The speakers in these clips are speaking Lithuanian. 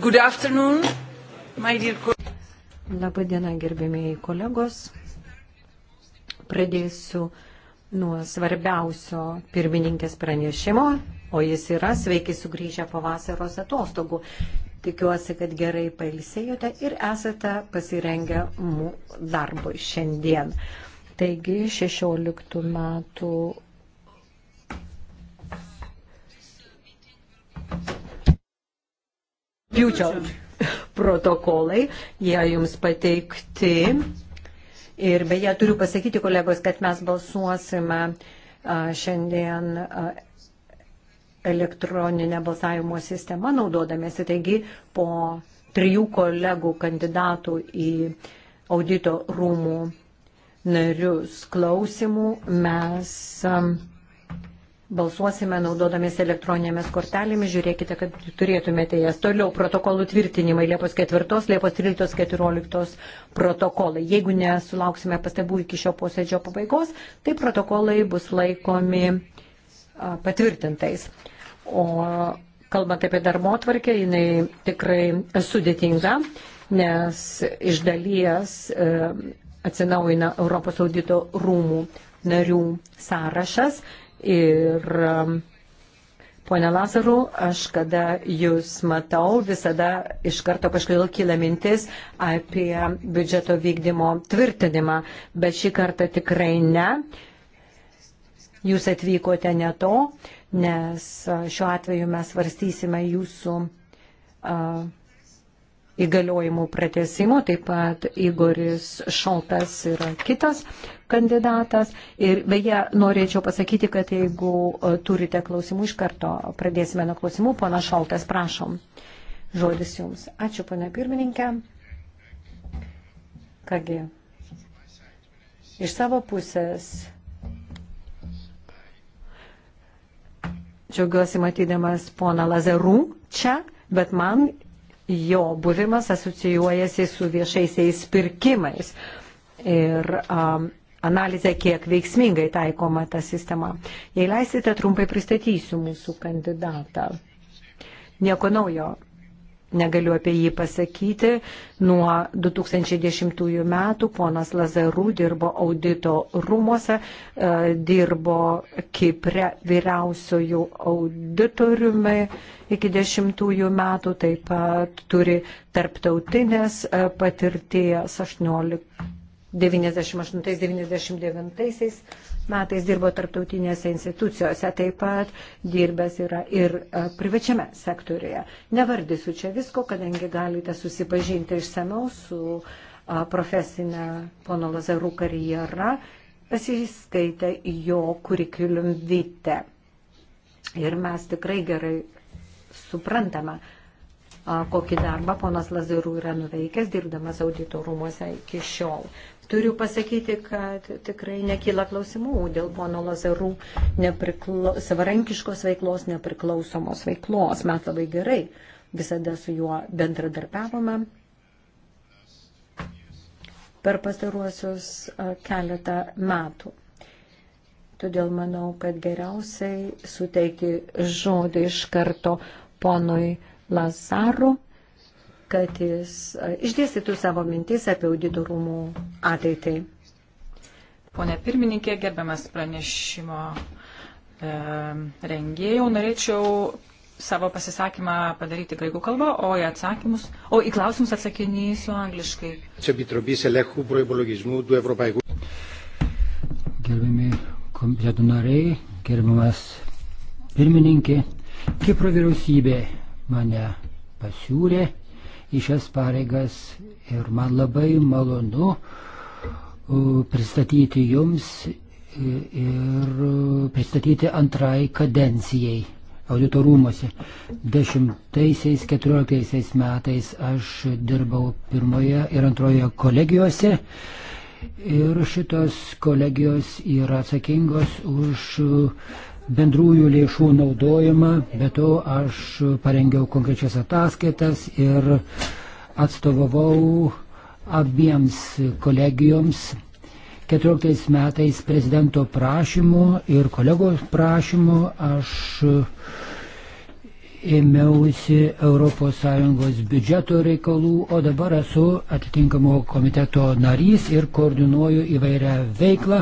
Good afternoon, my dear colleagues. Labadiena, gerbėmiai kolegos. Pradėsiu nuo svarbiausio pirmininkės pranešimo, o jis yra sveiki sugrįžę po vasaros atostogų. Tikiuosi, kad gerai pailsėjote ir esate pasirengę darbui šiandien. Taigi 16 metų rugpjūčio protokolai, jie jums pateikti. Ir beje, turiu pasakyti, kolegos, kad mes balsuosime šiandien elektroninę balsavimo sistemą naudodamėsi. Taigi, po trijų kolegų kandidatų į audito rūmų narius klausimų mes balsuosime naudodamės elektroninėmis kortelėmis, žiūrėkite, kad turėtumėte jas. Toliau protokolų tvirtinimai Liepos 4, Liepos 13, 14 protokolai. Jeigu nesulauksime pastabų iki šio posėdžio pabaigos, tai protokolai bus laikomi patvirtintais. O kalbant apie darbo tvarkę, jinai tikrai sudėtinga, nes iš dalies e, atsinaujina Europos audito rūmų narių sąrašas Ir um, Pone Lazaru, aš kada jūs matau, visada iš karto kažkodėl kyla mintis apie biudžeto vykdymo tvirtinimą, bet šį kartą tikrai ne. Jūs atvykote ne to, nes šiuo atveju mes varstysime jūsų uh, įgaliojimų pratesimo, taip pat Igoris Šoltas yra kitas kandidatas. Ir beje, norėčiau pasakyti, kad jeigu e, turite klausimų, iš karto pradėsime nuo klausimų. Pana Šaltas, prašom. Žodis jums. Ačiū, pana pirmininkė. Kągi, iš savo pusės džiaugiuosi matydamas poną Lazarų čia, bet man jo buvimas asocijuojasi su viešaisiais pirkimais. Ir um, analizę, kiek veiksmingai taikoma ta sistema. Jei leisite, trumpai pristatysiu mūsų kandidatą. Nieko naujo negaliu apie jį pasakyti. Nuo 2010 metų ponas Lazarų dirbo audito rūmose, e, dirbo Kipre vyriausiojų auditoriumi iki 10 metų, taip pat turi tarptautinės e, patirties 18 98-99 metais dirbo tarptautinėse institucijose, taip pat dirbęs yra ir e, privačiame sektoriuje. Nevardysiu čia visko, kadangi galite susipažinti išsameu su e, profesinė pono Lazarų karjera, pasiskaitę jo kurikilium vite. Ir mes tikrai gerai suprantame, e, kokį darbą ponas Lazarų yra nuveikęs, dirbdamas audito rūmose iki šiol. Turiu pasakyti, kad tikrai nekyla klausimų dėl pono Lazarų neprikla... savarankiškos veiklos, nepriklausomos veiklos. Mes labai gerai visada su juo bendradarbiavome per pastaruosius keletą metų. Todėl manau, kad geriausiai suteikti žodį iš karto ponui Lazaru, kad jis išdėstytų savo mintis apie auditorumų ateitai. Pone pirmininkė, gerbiamas pranešimo e, rengėjau, norėčiau savo pasisakymą padaryti graikų kalbą, o į, atsakymus, o į klausimus atsakinysiu angliškai. Gerbiami komitetų nariai, gerbiamas pirmininkė, Kipro vyriausybė mane pasiūlė į šias pareigas ir man labai malonu, pristatyti jums ir pristatyti antrai kadencijai audito rūmose. 10-14 metais aš dirbau pirmoje ir antroje kolegijose ir šitos kolegijos yra atsakingos už bendrųjų lėšų naudojimą, bet to aš parengiau konkrečias ataskaitas ir atstovavau abiems kolegijoms 14 metais prezidento prašymu ir kolegos prašymu aš ėmiausi ES biudžeto reikalų, o dabar esu atitinkamo komiteto narys ir koordinuoju įvairią veiklą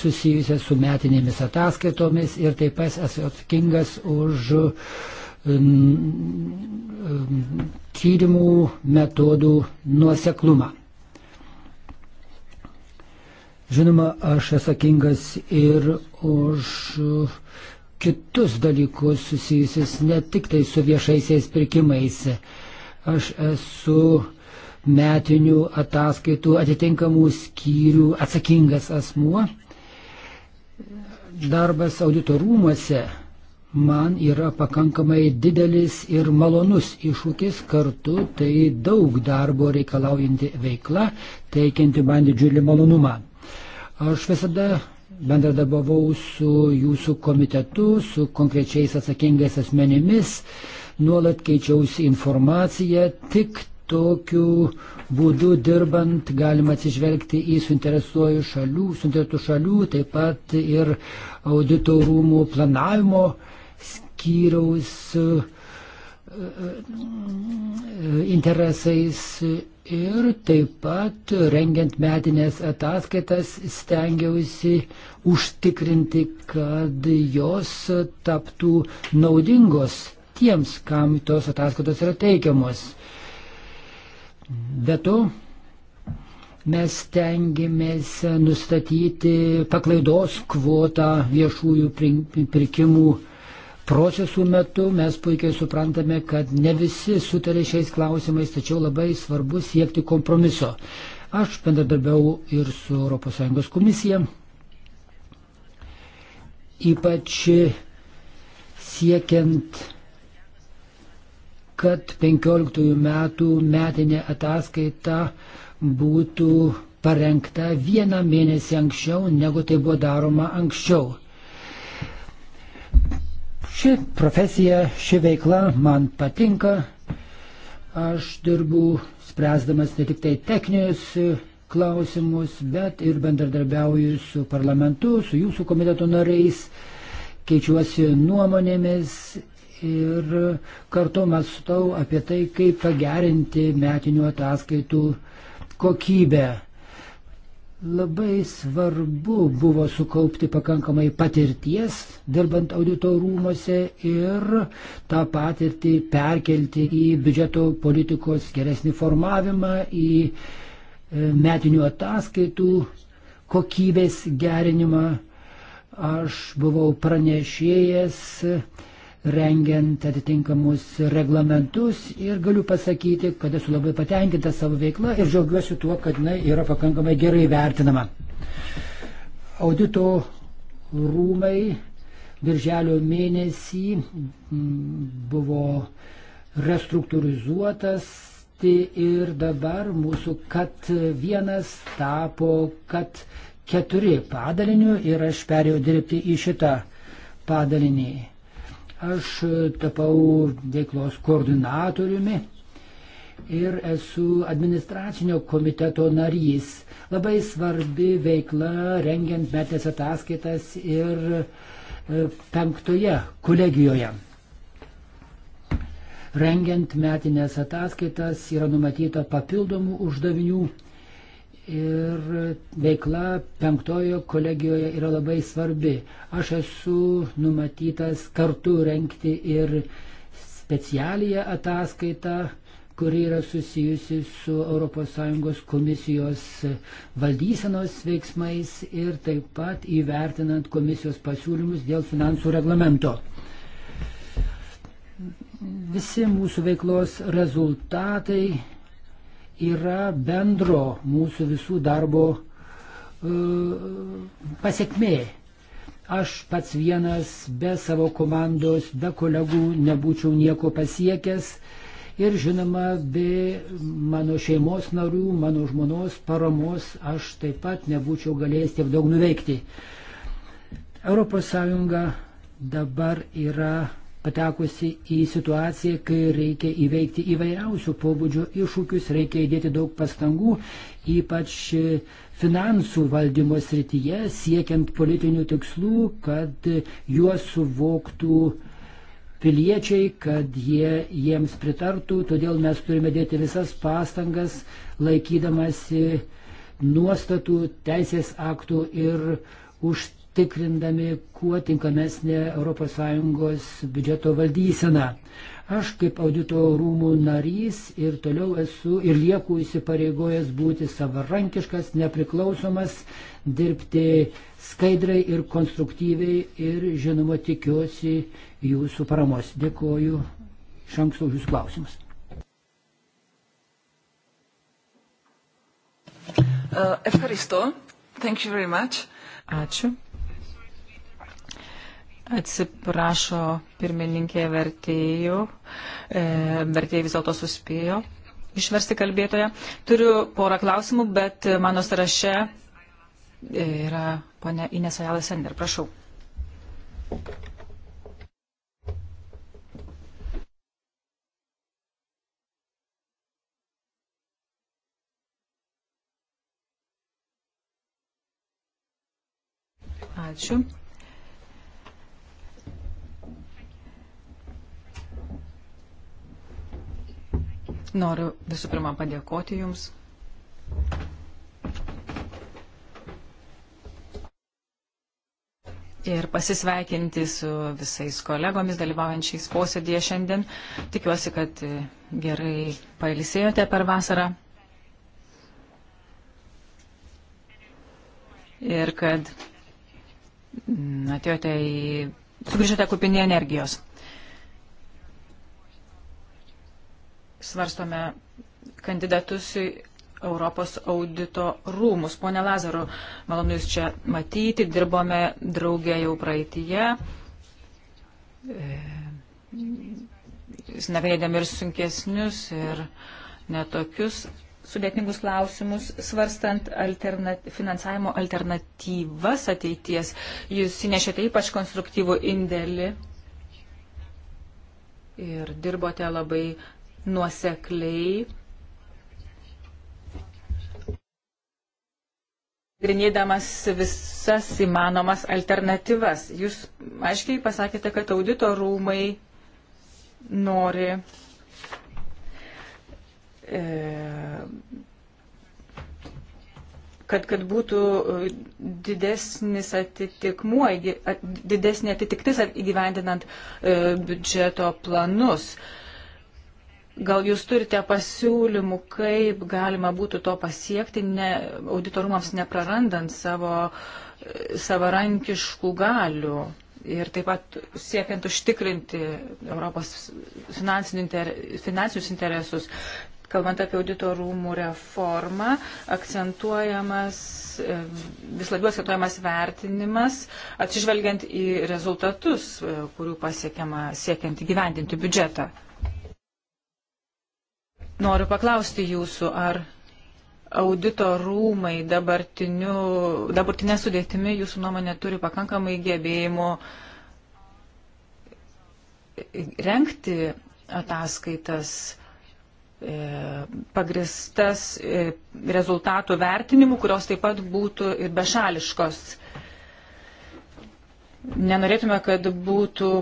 susijusią su metinėmis ataskaitomis ir taip pat esu atsakingas už uh, Um, um, tyrimų metodų nuoseklumą. Žinoma, aš atsakingas ir už kitus dalykus susijusius ne tik tai su viešaisiais pirkimais. Aš esu metinių ataskaitų atitinkamų skyrių atsakingas asmuo. Darbas audito rūmose man yra pakankamai didelis ir malonus iššūkis kartu, tai daug darbo reikalaujanti veikla, teikianti man didžiulį malonumą. Aš visada bendradabavau su jūsų komitetu, su konkrečiais atsakingais asmenimis, nuolat keičiausi informaciją, tik tokiu būdu dirbant galima atsižvelgti į suinteresuotų šalių, suinteresuotų šalių, taip pat ir auditorumų planavimo uh, skyriaus e, e, e, interesais ir taip pat rengiant metinės ataskaitas stengiausi užtikrinti, kad jos taptų naudingos tiems, kam tos ataskaitos yra teikiamos. Be to, mes tengiamės nustatyti paklaidos kvotą viešųjų pirkimų prie, procesų metu mes puikiai suprantame, kad ne visi sutarė šiais klausimais, tačiau labai svarbu siekti kompromiso. Aš bendradarbiau ir su ES komisija, ypač siekiant, kad 15 metų metinė ataskaita būtų parengta vieną mėnesį anksčiau, negu tai buvo daroma anksčiau. Ši profesija, ši veikla man patinka. Aš dirbu spręsdamas ne tik tai techninius klausimus, bet ir bendradarbiauju su parlamentu, su jūsų komiteto nariais, keičiuosi nuomonėmis ir kartu mąstau apie tai, kaip pagerinti metinių ataskaitų kokybę. Labai svarbu buvo sukaupti pakankamai patirties, dirbant audito rūmose ir tą patirtį perkelti į biudžeto politikos geresnį formavimą, į e, metinių ataskaitų kokybės gerinimą. Aš buvau pranešėjęs rengiant atitinkamus reglamentus ir galiu pasakyti, kad esu labai patenkinta savo veikla ir džiaugiuosi tuo, kad jinai yra pakankamai gerai vertinama. Audito rūmai birželio mėnesį mm, buvo restruktūrizuotas ir dabar mūsų kat vienas tapo kat keturi padaliniu ir aš perėjau dirbti į šitą padalinį. Aš tapau veiklos koordinatoriumi ir esu administracinio komiteto narys. Labai svarbi veikla rengiant metės ataskaitas ir e, penktoje kolegijoje. Rengiant metinės ataskaitas yra numatyta papildomų uždavinių ir veikla penktojo kolegijoje yra labai svarbi. Aš esu numatytas kartu renkti ir specialiją ataskaitą, kuri yra susijusi su ES komisijos valdysenos veiksmais ir taip pat įvertinant komisijos pasiūlymus dėl finansų reglamento. Visi mūsų veiklos rezultatai yra bendro mūsų visų darbo e, pasiekmė. Aš pats vienas be savo komandos, be kolegų nebūčiau nieko pasiekęs ir žinoma, be mano šeimos narių, mano žmonos paramos aš taip pat nebūčiau galėjęs tiek daug nuveikti. ES dabar yra patekusi į situaciją, kai reikia įveikti įvairiausių pobūdžio iššūkius, reikia įdėti daug pastangų, ypač finansų valdymo srityje, siekiant politinių tikslų, kad juos suvoktų piliečiai, kad jie jiems pritartų, todėl mes turime dėti visas pastangas, laikydamasi nuostatų, teisės aktų ir už užtikrindami kuo tinkamesnę ES biudžeto valdyseną. Aš kaip audito rūmų narys ir toliau esu ir lieku įsipareigojęs būti savarankiškas, nepriklausomas, dirbti skaidrai ir konstruktyviai ir žinoma tikiuosi jūsų paramos. Dėkuoju iš anksto už jūsų klausimus. Uh, Ačiū. Atsiprašo pirmininkė vertėjų. E, vertėjai vis dėlto suspėjo išversti kalbėtoje. Turiu porą klausimų, bet mano sąraše e, yra ponia Ines Ajala Sender. Prašau. Ačiū. Noriu visų pirma padėkoti Jums. Ir pasisveikinti su visais kolegomis dalyvaujančiais posėdėje šiandien. Tikiuosi, kad e, gerai pailsėjote per vasarą. Ir kad atėjote į. sugrįžote kupinį energijos. svarstome kandidatus į Europos audito rūmus. Pone Lazaru, malonu Jūs čia matyti, dirbome draugė jau praeitįje. Nagrinėdami ir sunkesnius, ir netokius sudėtingus klausimus, svarstant alternat, finansavimo alternatyvas ateities. Jūs įnešėte ypač konstruktyvų indėlį ir dirbote labai nuosekliai grinėdamas visas įmanomas alternatyvas. Jūs aiškiai pasakėte, kad audito rūmai nori e, kad, kad būtų didesnis atitikmuo, didesnė atitiktis įgyvendinant e, biudžeto planus. E, Gal jūs turite pasiūlymų, kaip galima būtų to pasiekti, ne, auditorumams neprarandant savo e, savarankiškų galių ir taip pat siekiant užtikrinti Europos inter, finansinius interesus. Kalbant apie auditorumų reformą, akcentuojamas, e, vis labiau akcentuojamas vertinimas, atsižvelgiant į rezultatus, e, kurių pasiekiama siekiant įgyvendinti biudžetą. Noriu paklausti jūsų, ar audito rūmai dabartinė sudėtimi jūsų nuomonė turi pakankamai gebėjimų renkti ataskaitas e, pagristas e, rezultatų vertinimu, kurios taip pat būtų ir bešališkos. Nenorėtume, kad būtų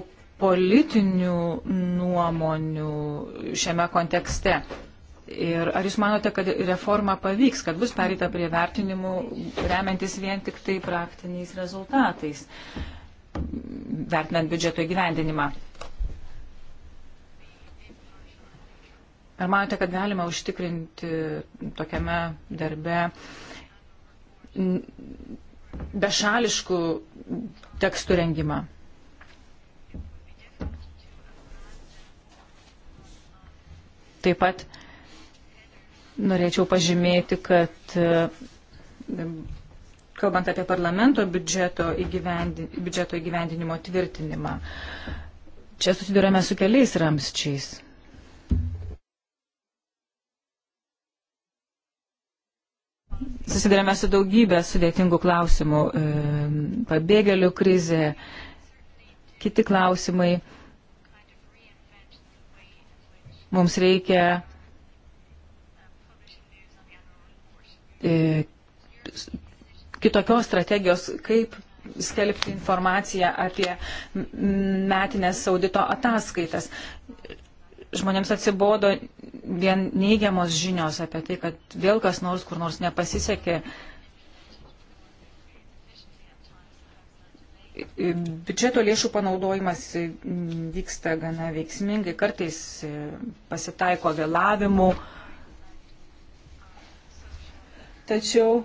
politinių nuomonių šiame kontekste. Ir ar jūs manote, kad reforma pavyks, kad bus pereita prie vertinimų, remiantis vien tik tai praktiniais rezultatais, vertinant biudžeto įgyvendinimą? Ar manote, kad galima užtikrinti tokiame darbe bešališkų tekstų rengimą? Taip pat norėčiau pažymėti, kad e, kalbant apie parlamento biudžeto, įgyvendi, biudžeto įgyvendinimo tvirtinimą, čia susidurėme su keliais ramsčiais. Susidurėme su daugybė sudėtingų klausimų, e, pabėgėlių krizė, kiti klausimai. Mums reikia e, kitokios strategijos, kaip skelbti informaciją apie metinės audito ataskaitas. Žmonėms atsibodo vien neigiamos žinios apie tai, kad vėl kas nors kur nors nepasisekė, Biudžeto lėšų panaudojimas vyksta gana veiksmingai, kartais pasitaiko vėlavimų, tačiau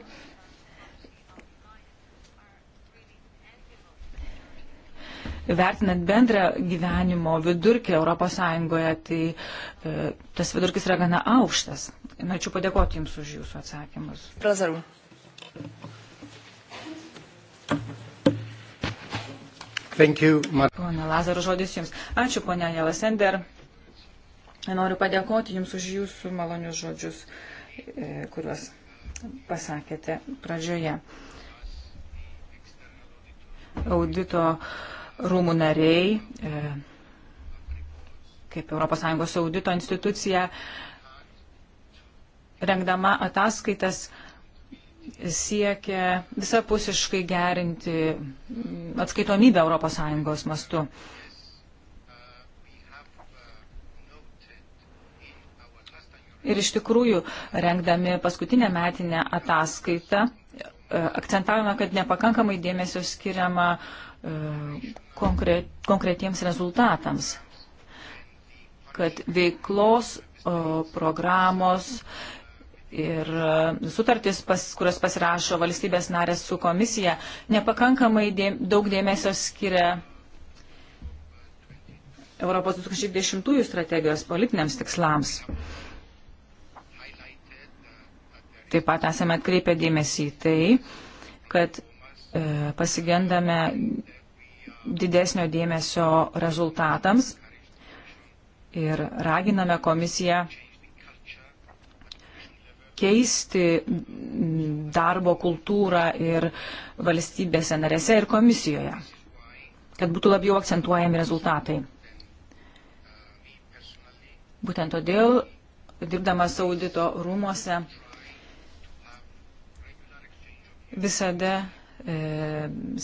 vertinant bendrą gyvenimo vidurkį ES, tai e, tas vidurkis yra gana aukštas. Norėčiau padėkoti Jums už Jūsų atsakymus. Prazaru. Pone Lazaro, žodis Jums. Ačiū, ponia Jelasender. Noriu padėkoti Jums už Jūsų malonius žodžius, e, kuriuos pasakėte pradžioje. Audito rūmų nariai, e, kaip ES audito institucija, rengdama ataskaitas, siekia visapusiškai gerinti atskaitomybę ES mastu. Ir iš tikrųjų, rengdami paskutinę metinę ataskaitą, e, akcentavome, kad nepakankamai dėmesio skiriama e, konkre, konkretiems rezultatams, kad veiklos programos ir e, sutartis, pas, kurios pasirašo valstybės narės su komisija, nepakankamai dė, daug dėmesio skiria Europos 2010 strategijos politiniams tikslams. Taip pat esame atkreipę dėmesį į tai, kad e, pasigendame didesnio dėmesio rezultatams ir raginame komisiją keisti darbo kultūrą ir valstybėse narėse ir komisijoje, kad būtų labiau akcentuojami rezultatai. Būtent todėl, dirbdamas audito rūmose, visada e,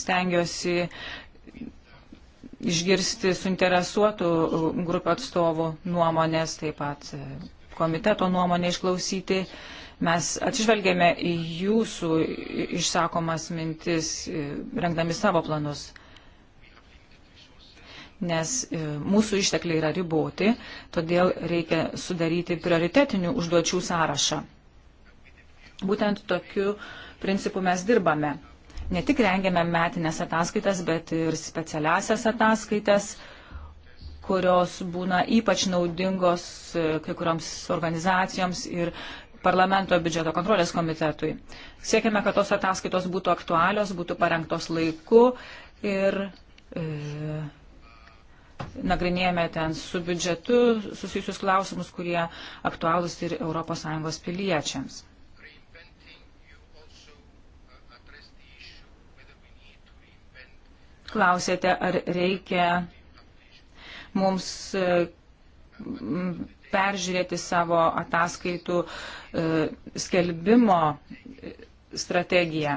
stengiuosi išgirsti suinteresuotų grupių atstovų nuomonės, taip pat e, komiteto nuomonę išklausyti. E, Mes atsižvelgėme į jūsų išsakomas mintis, e, rengdami savo planus, nes e, mūsų ištekliai yra riboti, todėl reikia sudaryti prioritetinių užduočių sąrašą. Būtent tokiu principu mes dirbame. Ne tik rengiame metinės ataskaitas, bet ir specialiasias ataskaitas kurios būna ypač naudingos e, kai kurioms organizacijoms ir parlamento biudžeto kontrolės komitetui. Siekime, kad tos ataskaitos būtų aktualios, būtų parengtos laiku ir e, nagrinėjame ten su biudžetu susijusius klausimus, kurie aktualūs ir ES piliečiams. Klausėte, ar reikia mums e, peržiūrėti savo ataskaitų e, skelbimo strategiją.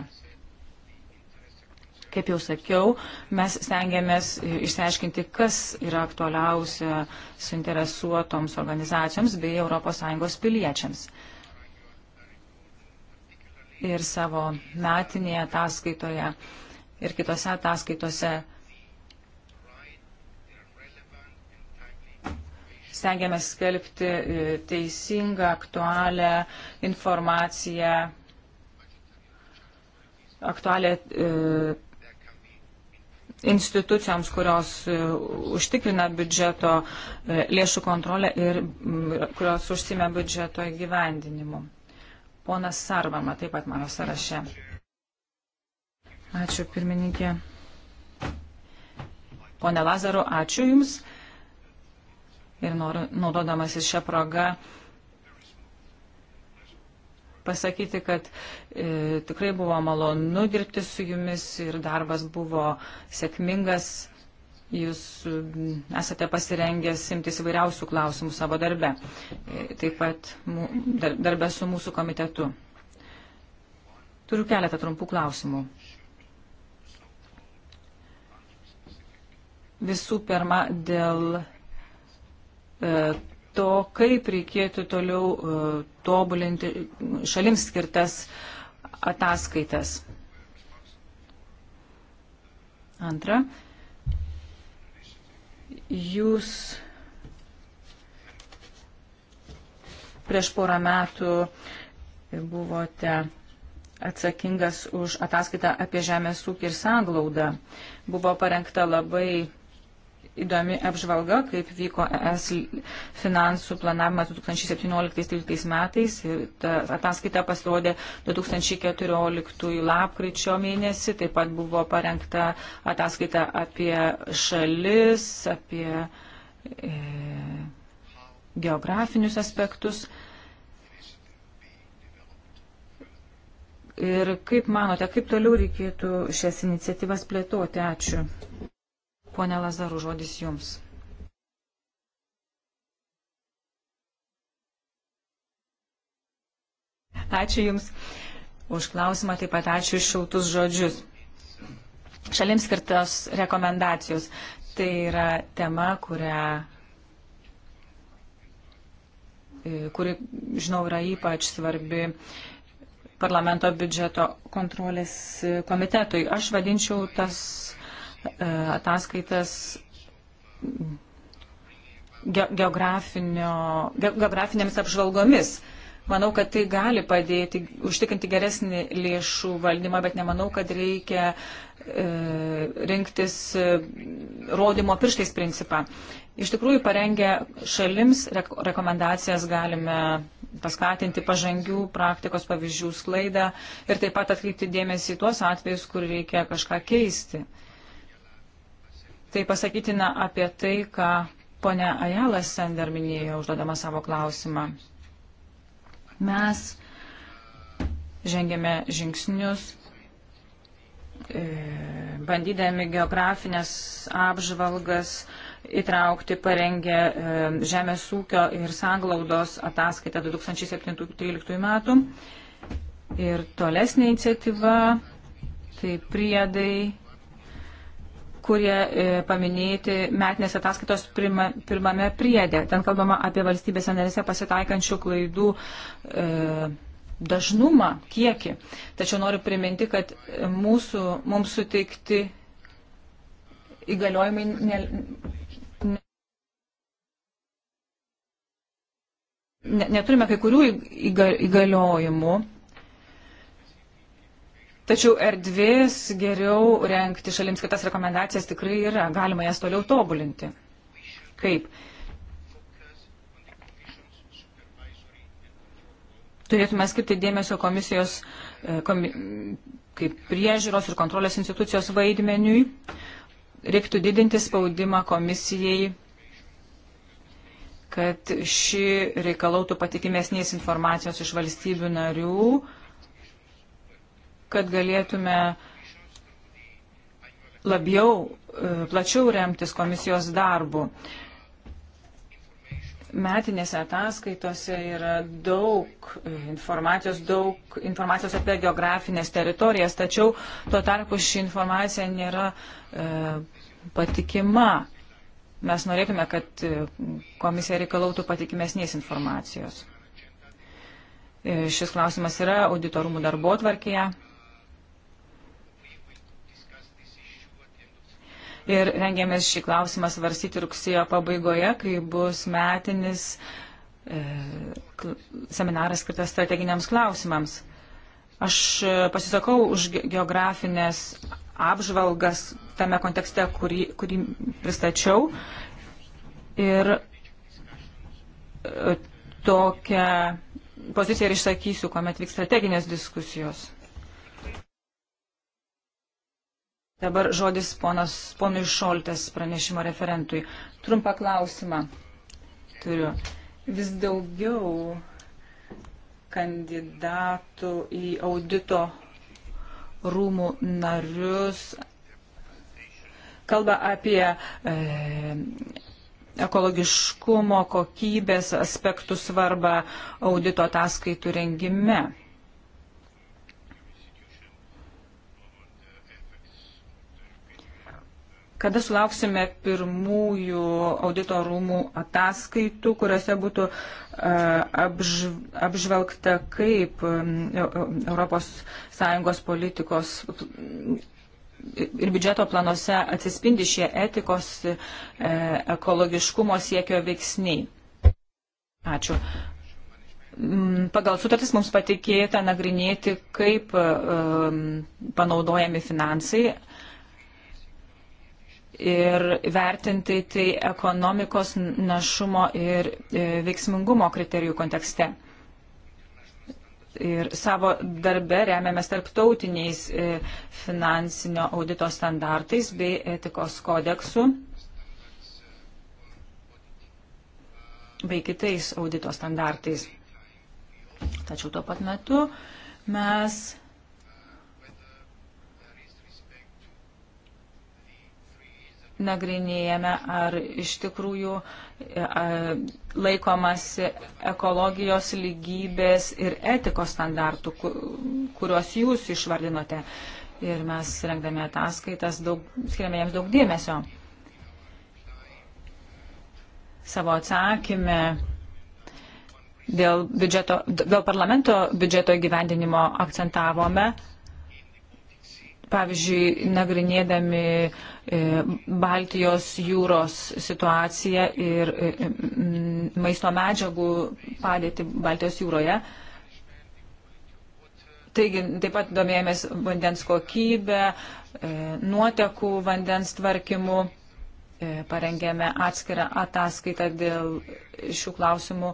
Kaip jau sakiau, mes stengiamės išsiaiškinti, kas yra aktualiausia suinteresuotoms organizacijoms bei ES piliečiams. Ir savo metinėje ataskaitoje ir kitose ataskaitose stengiamės skelbti e, teisingą, aktualią informaciją, aktualią e, institucijoms, kurios e, užtikrina biudžeto e, lėšų kontrolę ir kurios užsime biudžeto įgyvendinimu. Ponas Sarvama taip pat mano sąraše. Ačiū pirmininkė. Pone Lazaru, ačiū Jums ir noriu, naudodamasis šią progą, pasakyti, kad e, tikrai buvo malonu dirbti su jumis ir darbas buvo sėkmingas. Jūs mm, esate pasirengęs simtis įvairiausių klausimų savo darbe, e, taip pat mū, dar, darbe su mūsų komitetu. Turiu keletą trumpų klausimų. Visų pirma, dėl E, to, kaip reikėtų toliau e, tobulinti šalims skirtas ataskaitas. Antra, jūs prieš porą metų buvote atsakingas už ataskaitą apie žemės ūkį ir sanglaudą. Buvo parengta labai įdomi apžvalga, kaip vyko ES finansų planavimas 2017-2013 metais. Ta ataskaita pasirodė 2014 lapkričio mėnesį. Taip pat buvo parengta ataskaita apie šalis, apie e, geografinius aspektus. Ir kaip manote, kaip toliau reikėtų šias iniciatyvas plėtoti? Ačiū. Pone Lazaru, žodis jums. Ačiū Jums už klausimą, taip pat ačiū iš šiltus žodžius. Šalims skirtos rekomendacijos. Tai yra tema, kurią e, kuri, žinau, yra ypač svarbi parlamento biudžeto kontrolės e, komitetui. Aš vadinčiau tas ataskaitas geografinėmis apžvalgomis. Manau, kad tai gali padėti užtikrinti geresnį lėšų valdymą, bet nemanau, kad reikia e, rinktis e, rodymo pirštais principą. Iš tikrųjų, parengę šalims rekomendacijas galime paskatinti pažangių praktikos pavyzdžių sklaidą ir taip pat atkreipti dėmesį į tuos atvejus, kur reikia kažką keisti. Tai pasakytina apie tai, ką ponia Ajala Sender minėjo, užduodama savo klausimą. Mes žengėme žingsnius, e, bandydami geografinės apžvalgas įtraukti, parengė e, Žemės ūkio ir sanglaudos ataskaitą 2017-2013 metų. Ir tolesnė iniciatyva, tai priedai kurie e, paminėti metinės ataskaitos pirma, pirmame priedė. Ten kalbama apie valstybės analise pasitaikančių klaidų e, dažnumą, kiekį. Tačiau noriu priminti, kad mūsų, mums suteikti įgaliojimai ne, ne, ne, neturime kai kurių įgaliojimų. Tačiau erdvės geriau renkti šalims kitas rekomendacijas tikrai yra, galima jas toliau tobulinti. Kaip? Turėtume skirti dėmesio komisijos e, komi, kaip priežiūros ir kontrolės institucijos vaidmeniui. Reiktų didinti spaudimą komisijai kad ši reikalautų patikimesnės informacijos iš valstybių narių, kad galėtume labiau, e, plačiau remtis komisijos darbu. Metinėse ataskaitose yra daug e, informacijos, daug informacijos apie geografinės teritorijas, tačiau tuo tarpu ši informacija nėra e, patikima. Mes norėtume, kad e, komisija reikalautų patikimesnės informacijos. Šis klausimas yra auditorumų darbo tvarkėje ir rengėmės šį klausimą svarstyti rugsėjo pabaigoje, kai bus metinis e, seminaras skirtas strateginiams klausimams. Aš e, pasisakau už geografinės apžvalgas tame kontekste, kurį, kurį pristačiau. Ir e, tokią poziciją ir išsakysiu, kuomet vyks strateginės diskusijos. Dabar žodis ponas, ponui Šoltės pranešimo referentui. Trumpą klausimą turiu. Vis daugiau kandidatų į audito rūmų narius kalba apie e, ekologiškumo, kokybės aspektų svarbą audito ataskaitų rengime. kada sulauksime pirmųjų audito rūmų ataskaitų, kuriuose būtų e, apžv, apžvelgta, kaip ES e, politikos ir biudžeto planuose atsispindi šie etikos e, ekologiškumo siekio veiksniai. Ačiū. Pagal sutartis mums patikėta nagrinėti, kaip panaudojami finansai ir vertinti tai ekonomikos našumo ir e, veiksmingumo kriterijų kontekste. Ir savo darbe remiamės tarptautiniais e, finansinio audito standartais bei etikos kodeksu bei kitais audito standartais. Tačiau tuo pat metu mes nagrinėjame, ar iš tikrųjų e, laikomasi ekologijos lygybės ir etikos standartų, kuriuos jūs išvardinote. Ir mes rengdami ataskaitas daug, skiriame jiems daug dėmesio. Savo atsakymę dėl, biudžeto, dėl parlamento biudžeto gyvendinimo akcentavome pavyzdžiui, nagrinėdami e, Baltijos jūros situaciją ir e, maisto medžiagų padėti Baltijos jūroje. Taigi, taip pat domėjomės vandens kokybę, e, nuotekų vandens tvarkymu, parengėme atskirą ataskaitą dėl šių klausimų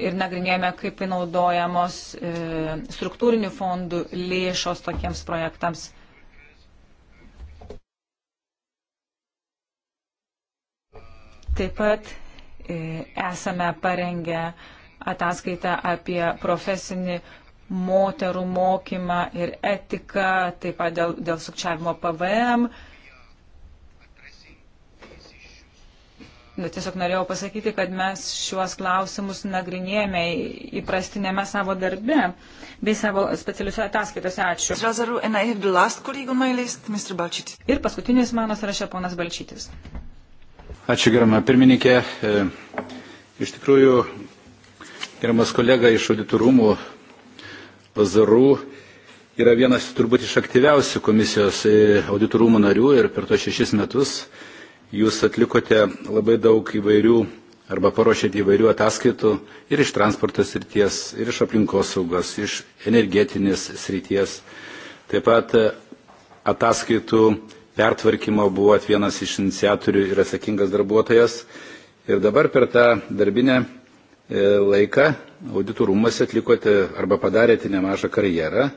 ir nagrinėjome, kaip naudojamos struktūrinių fondų lėšos tokiems projektams Taip pat e, esame parengę ataskaitą apie profesinį moterų mokymą ir etiką, taip pat dėl, dėl sukčiavimo PVM. Nu, tiesiog norėjau pasakyti, kad mes šiuos klausimus nagrinėjame įprastinėme savo darbe bei savo specialiuose ataskaitose. Ačiū. Ir paskutinis mano sąraše ponas Balčytis. Ačiū gerama pirmininkė. E, iš tikrųjų, gerimas kolega iš auditorumų pazarų yra vienas turbūt iš aktyviausių komisijos e, auditorumų narių ir per to šešis metus jūs atlikote labai daug įvairių arba paruošėte įvairių ataskaitų ir iš transporto srities, ir iš aplinkosaugos, iš energetinės srities, taip pat e, ataskaitų pertvarkymo buvot vienas iš iniciatorių ir atsakingas darbuotojas. Ir dabar per tą darbinę e, laiką auditų rūmose atlikote arba padarėte nemažą karjerą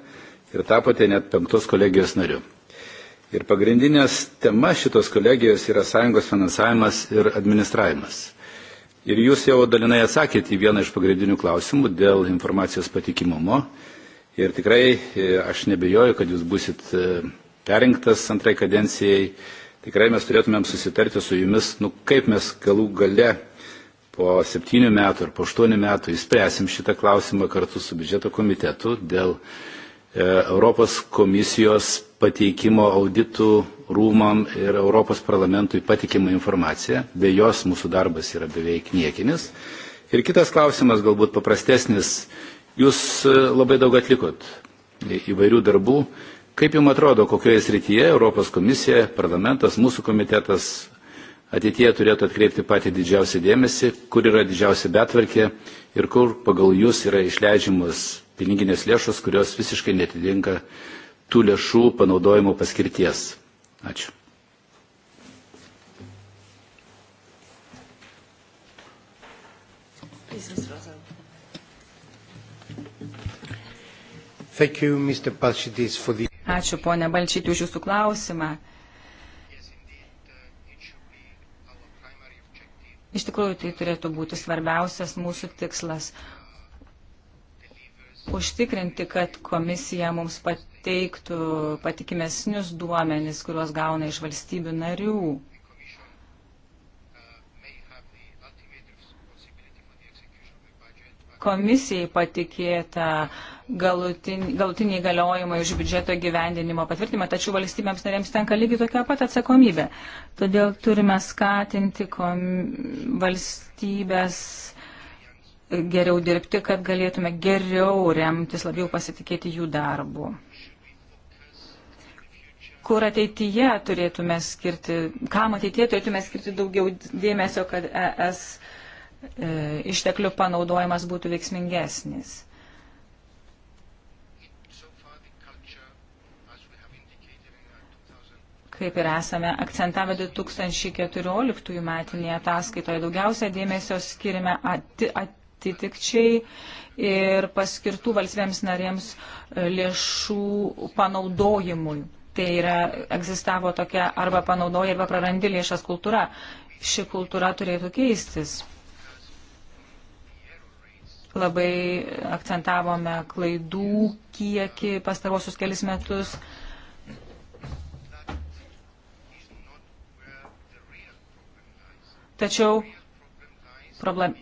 ir tapote net penktos kolegijos nariu. Ir pagrindinės tema šitos kolegijos yra sąjungos finansavimas ir administravimas. Ir jūs jau dalinai atsakėte į vieną iš pagrindinių klausimų dėl informacijos patikimumo. Ir tikrai e, aš nebejoju, kad jūs busit e, perinktas antrai kadencijai. Tikrai mes turėtumėm susitarti su jumis, nu kaip mes galų gale po septynių metų ar po aštuonių metų įspręsim šitą klausimą kartu su biudžeto komitetu dėl e, Europos komisijos pateikimo auditų rūmam ir Europos parlamentui patikimą informaciją. Be jos mūsų darbas yra beveik niekinis. Ir kitas klausimas galbūt paprastesnis. Jūs e, labai daug atlikot įvairių darbų. Kaip jums atrodo, kokioje srityje Europos komisija, parlamentas, mūsų komitetas ateityje turėtų atkreipti patį didžiausią dėmesį, kur yra didžiausia betvarkė ir kur pagal jūs yra išleidžiamos piniginės lėšos, kurios visiškai netitinka tų lėšų panaudojimo paskirties. Ačiū. Thank you, Mr. Palchidis, for the Ačiū ponė Balčyti už jūsų klausimą. Iš tikrųjų, tai turėtų būti svarbiausias mūsų tikslas - užtikrinti, kad komisija mums pateiktų patikimesnius duomenis, kuriuos gauna iš valstybių narių. Komisijai patikėta uh, galutin, galutiniai galiojimai už biudžeto gyvendinimo patvirtimą, tačiau valstybėms narėms tenka lygiai tokia pat atsakomybė. Todėl turime skatinti kom, valstybės geriau dirbti, kad galėtume geriau remtis, labiau pasitikėti jų darbu. Kur ateityje turėtume skirti, kam ateityje turėtume skirti daugiau dėmesio, kad ES e, išteklių panaudojimas būtų veiksmingesnis. kaip ir esame akcentavę 2014 metinėje ataskaitoje. Daugiausia dėmesio skirime ati, atitikčiai ir paskirtų valstybėms narėms e, lėšų panaudojimui. Tai yra, egzistavo tokia arba panaudoja, arba prarandi lėšas kultūra. Ši kultūra turėtų keistis. Labai akcentavome klaidų kiekį pastarosius kelis metus Tačiau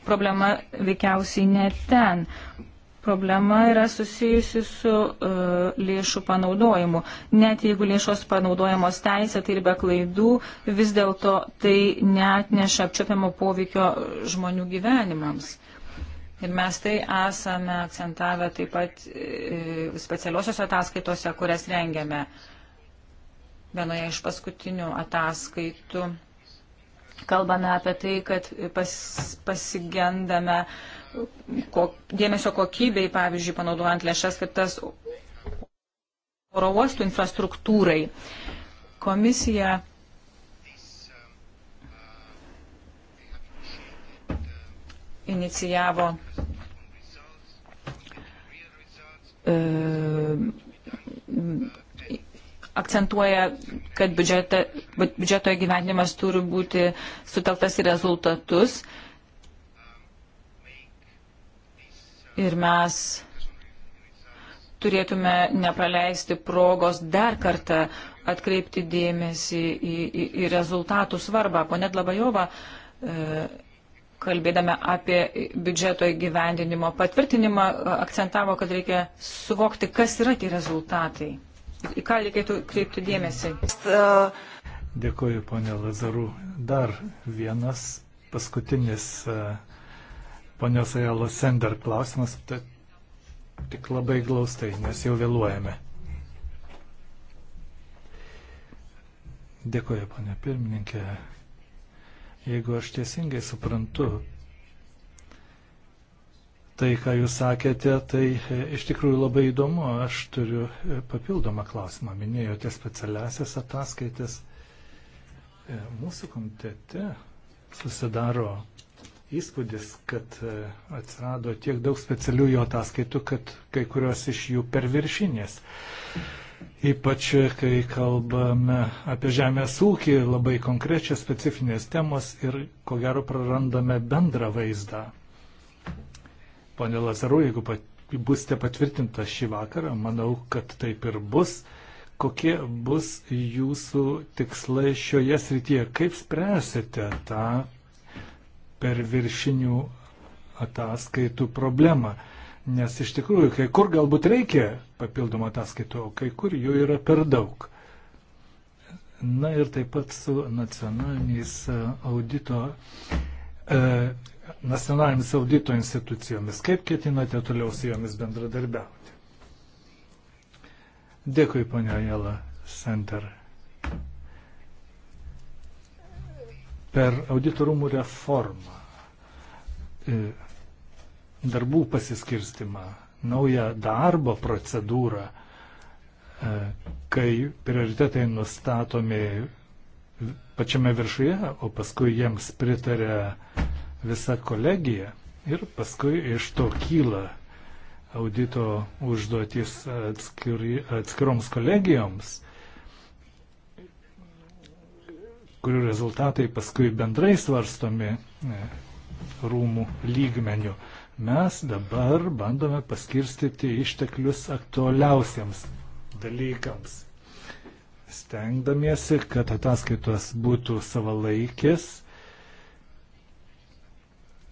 problema veikiausiai ne ten. Problema yra susijusi su uh, lėšų panaudojimu. Net jeigu lėšos panaudojamos teisė, tai ir be klaidų, vis dėlto tai netneša apčiopiamo poveikio žmonių gyvenimams. Ir mes tai esame akcentavę taip pat uh, specialiosios ataskaitose, kurias rengiame. Vienoje iš paskutinių ataskaitų kalbame apie tai, kad pas, pasigendame ko, dėmesio kokybei, pavyzdžiui, panaudojant lėšas skirtas oro uostų infrastruktūrai. Komisija inicijavo e, akcentuoja, kad biudžete, biudžeto įgyvendinimas turi būti sutelktas į rezultatus. Ir mes turėtume nepraleisti progos dar kartą atkreipti dėmesį į, į, į rezultatų svarbą. Pone Labajova, e, kalbėdama apie biudžeto įgyvendinimo patvirtinimą, akcentavo, kad reikia suvokti, kas yra tie rezultatai į ką reikėtų kreipti dėmesį? Dėkuoju, ponė Lazaru. Dar vienas paskutinis e, ponios Ajalo Sender klausimas, tai tik labai glaustai, nes jau vėluojame. Dėkuoju, ponė pirmininkė. Jeigu aš teisingai suprantu, tai, ką jūs sakėte, tai e, iš tikrųjų labai įdomu. Aš turiu e, papildomą klausimą. Minėjote specialiasias ataskaitas. E, mūsų komitete susidaro įspūdis, kad atsirado tiek daug specialiųjų ataskaitų, kad kai kurios iš jų perviršinės. Ypač, kai kalbame apie žemės ūkį, labai konkrečias specifinės temos ir ko gero prarandame bendrą vaizdą. Pane Lazaru, jeigu pat, būsite patvirtinta šį vakarą, manau, kad taip ir bus. Kokie bus jūsų tikslai šioje srityje? Kaip spręsite tą per viršinių ataskaitų problemą? Nes iš tikrųjų, kai kur galbūt reikia papildomą ataskaitų, o kai kur jų yra per daug. Na ir taip pat su nacionaliniais e, audito e, nacionalinėmis audito institucijomis. Kaip ketinate toliau su jomis bendradarbiauti? Dėkui, ponia Jela Center. Per auditorumų reformą, e, darbų pasiskirstimą, naują darbo procedūrą, e, kai prioritetai nustatomi pačiame viršuje, o paskui jiems pritarė visa kolegija ir paskui iš to kyla audito užduotis atskiri, atskiroms kolegijoms, kurių rezultatai paskui bendrai svarstomi e, rūmų lygmenių. Mes dabar bandome paskirstyti išteklius aktualiausiams dalykams, stengdamiesi, kad ataskaitos būtų savalaikės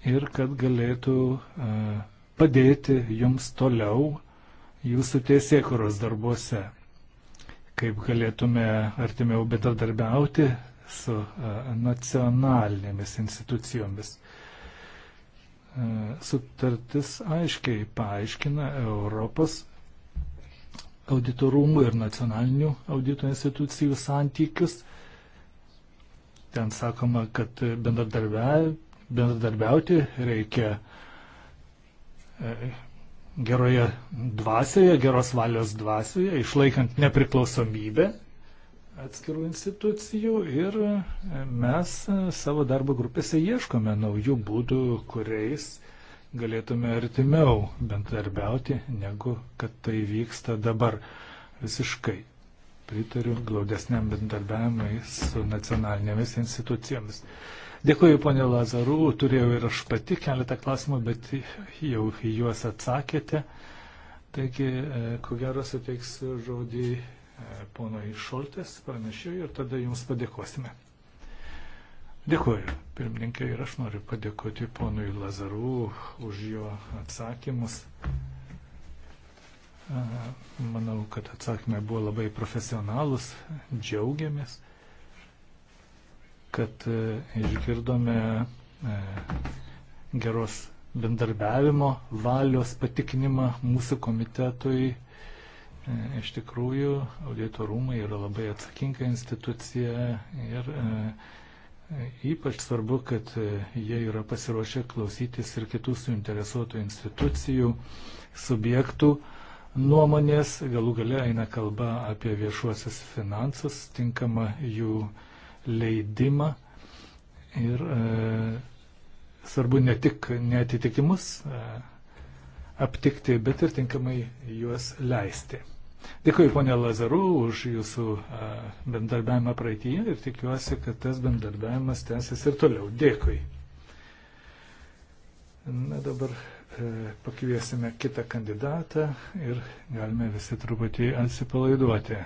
ir kad galėtų e, padėti jums toliau jūsų teisėkuros darbuose, kaip galėtume artimiau betadarbiauti su e, nacionalinėmis institucijomis. E, sutartis aiškiai paaiškina Europos auditorumų ir nacionalinių audito institucijų santykius. Ten sakoma, kad bendradarbiavimas bendradarbiauti, reikia e, geroje dvasioje, geros valios dvasioje, išlaikant nepriklausomybę atskirų institucijų ir e, mes e, savo darbo grupėse ieškome naujų būdų, kuriais galėtume artimiau bendarbiauti, negu kad tai vyksta dabar visiškai. Pritariu glaudesniam bendarbiavimui su nacionalinėmis institucijomis. Dėkuoju, ponė Lazarų, turėjau ir aš pati keletą klausimų, bet jau juos atsakėte. Taigi, e, ko gero, suteiksiu žodį e, ponui Šoltės pranešėjui ir tada jums padėkosime. Dėkuoju, pirmininkė, ir aš noriu padėkoti ponui Lazarų už jo atsakymus. E, manau, kad atsakymai buvo labai profesionalus, džiaugiamės kad e, išgirdome e, geros bendarbiavimo valios patikinimą mūsų komitetui. E, iš tikrųjų, audito rūmai yra labai atsakinga institucija ir ypač svarbu, kad jie yra pasiruošę klausytis ir kitų suinteresuotų institucijų, subjektų nuomonės. Galų gale eina kalba apie viešuosius finansus, tinkamą jų leidimą ir e, svarbu ne tik neatitikimus e, aptikti, bet ir tinkamai juos leisti. Dėkui, ponė Lazaru, už jūsų e, bendarbiavimą praeityje ir tikiuosi, kad tas bendarbiavimas tęsis ir toliau. Dėkui. Na dabar e, pakviesime kitą kandidatą ir galime visi truputį atsipalaiduoti.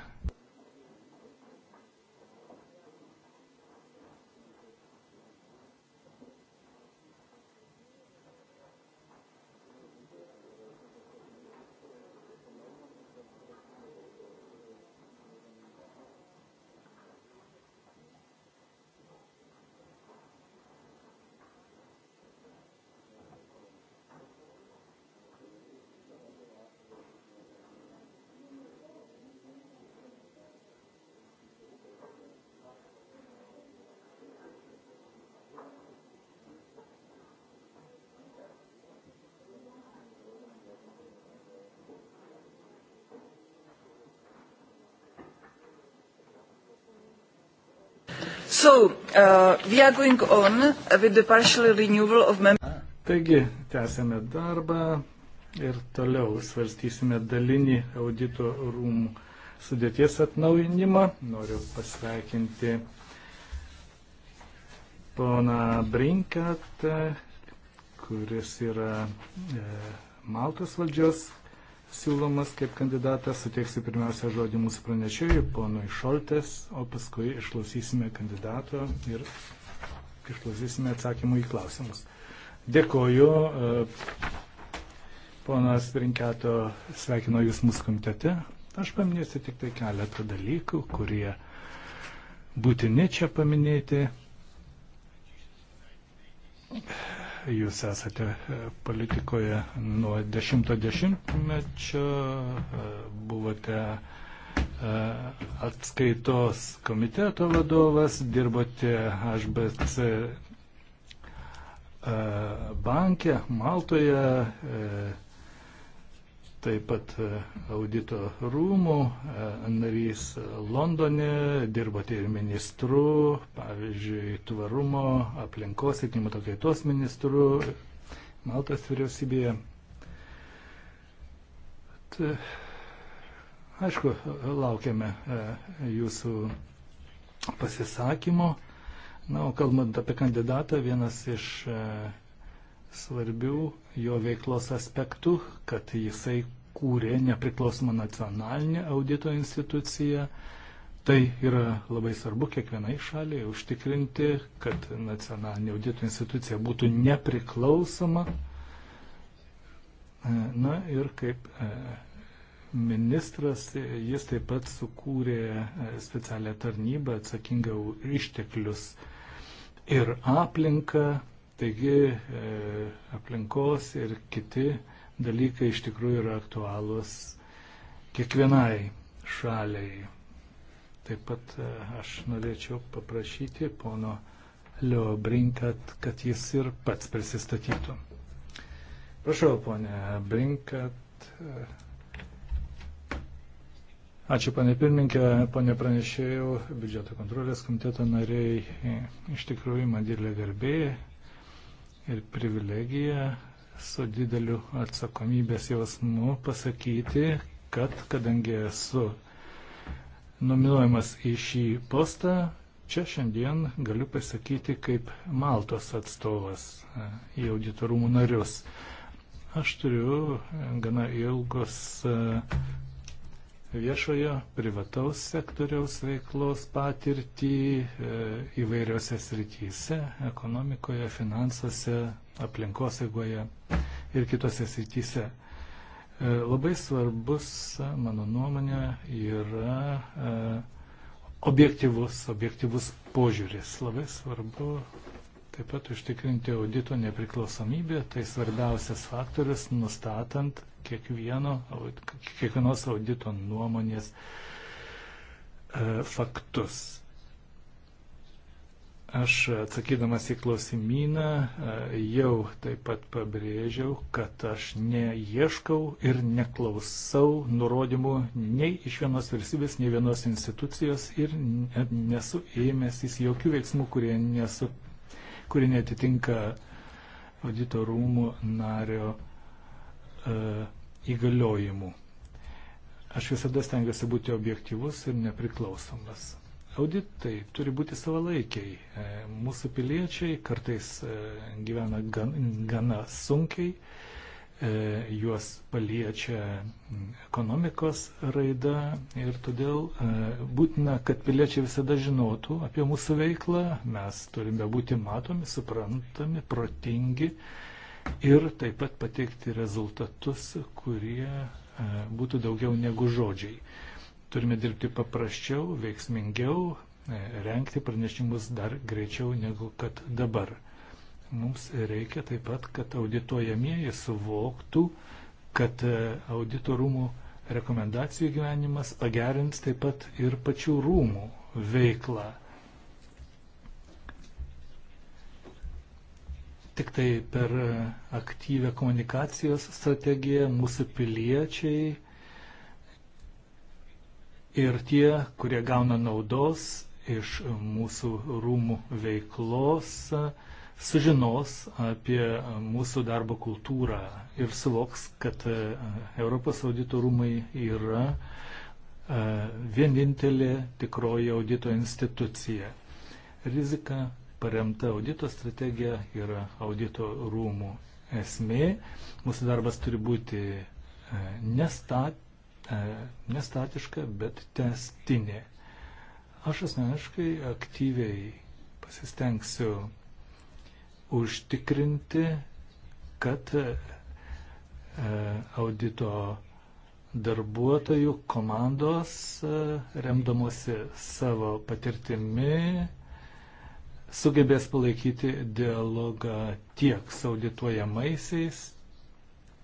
Uh, we are going on with the partial renewal of Taigi, tęsėme darbą ir toliau svarstysime dalinį audito rūmų sudėties atnaujinimą. Noriu pasveikinti poną Brinkat, kuris yra e, Maltos valdžios siūlomas kaip kandidatas. Suteiksiu pirmiausia žodį mūsų pranešėjui, ponui Šoltės, o paskui išklausysime kandidato ir išklausysime atsakymų į klausimus. Dėkoju. E, ponas Prinketo sveikino Jūs mūsų komitete. Aš paminėsiu tik tai keletą dalykų, kurie būtini čia paminėti. Jūs esate e, politikoje nuo 10-mečio, e, buvote e, atskaitos komiteto vadovas, dirbote HBC bankė Maltoje taip pat e, audito rūmų e, narys Londone, dirbote ir ministru, pavyzdžiui, tvarumo, aplinkos ir klimato kaitos ministru Maltos vyriausybėje. Tai, aišku, laukiame e, jūsų pasisakymo. Na, o kalbant apie kandidatą, vienas iš svarbių jo veiklos aspektų, kad jisai kūrė nepriklausomą nacionalinę audito instituciją. Tai yra labai svarbu kiekvienai šaliai užtikrinti, kad nacionalinė audito institucija būtų nepriklausoma. Na ir kaip e, ministras, jis taip pat sukūrė e, specialią tarnybą atsakingą išteklius ir aplinką Taigi e, aplinkos ir kiti dalykai iš tikrųjų yra aktualūs kiekvienai šaliai. Taip pat e, aš norėčiau paprašyti pono Leo Brinkat, kad jis ir pats prisistatytų. Prašau, ponė Brinkat. E. Ačiū, panė pirmininkė, panė pranešėjau, biudžeto kontrolės komiteto nariai. Iš tikrųjų, man didelė garbė ir privilegija su dideliu atsakomybės jausmu pasakyti, kad kadangi esu nominuojamas į šį postą, čia šiandien galiu pasakyti kaip Maltos atstovas e, į auditorumų narius. Aš turiu e, gana ilgus e, viešojo privataus sektoriaus veiklos patirtį e, įvairiose srityse - ekonomikoje, finansuose, aplinkosaugoje ir kitose srityse. E, labai svarbus, mano nuomonė, yra e, objektivus, objektivus požiūris. Labai svarbu taip pat užtikrinti audito nepriklausomybę, tai svarbiausias faktorius nustatant kiekvieno, kiekvienos audito nuomonės e, faktus. Aš atsakydamas į klausimyną e, jau taip pat pabrėžiau, kad aš neieškau ir neklausau nurodymų nei iš vienos valstybės, nei vienos institucijos ir nesu ėmęsis jokių veiksmų, kurie, nesu, kurie netitinka auditorumų nario E, įgaliojimų. Aš visada stengiuosi būti objektivus ir nepriklausomas. Auditai turi būti savalaikiai. E, mūsų piliečiai kartais e, gyvena gan, gana sunkiai, juos paliečia ekonomikos raida ir todėl būtina, kad piliečiai visada žinotų apie mūsų veiklą. Mes turime būti matomi, suprantami, protingi ir taip pat pateikti rezultatus, kurie e, būtų daugiau negu žodžiai. Turime dirbti paprasčiau, veiksmingiau, e, renkti pranešimus dar greičiau negu kad dabar. Mums reikia taip pat, kad audituojamieji suvoktų, kad e, auditorumų rekomendacijų gyvenimas pagerins taip pat ir pačių rūmų veiklą. Tik tai per aktyvę komunikacijos strategiją mūsų piliečiai ir tie, kurie gauna naudos iš mūsų rūmų veiklos, sužinos apie mūsų darbo kultūrą ir suvoks, kad e, Europos audito rūmai yra e, vienintelė tikroji audito institucija. Rizika paremta audito strategija yra audito rūmų esmė. Mūsų darbas turi būti e, nestat, e, nestatiška, bet testinė. Aš asmeniškai aktyviai pasistengsiu užtikrinti, kad e, audito darbuotojų komandos, remdamosi savo patirtimi, sugebės palaikyti dialogą tiek su audituojamaisiais,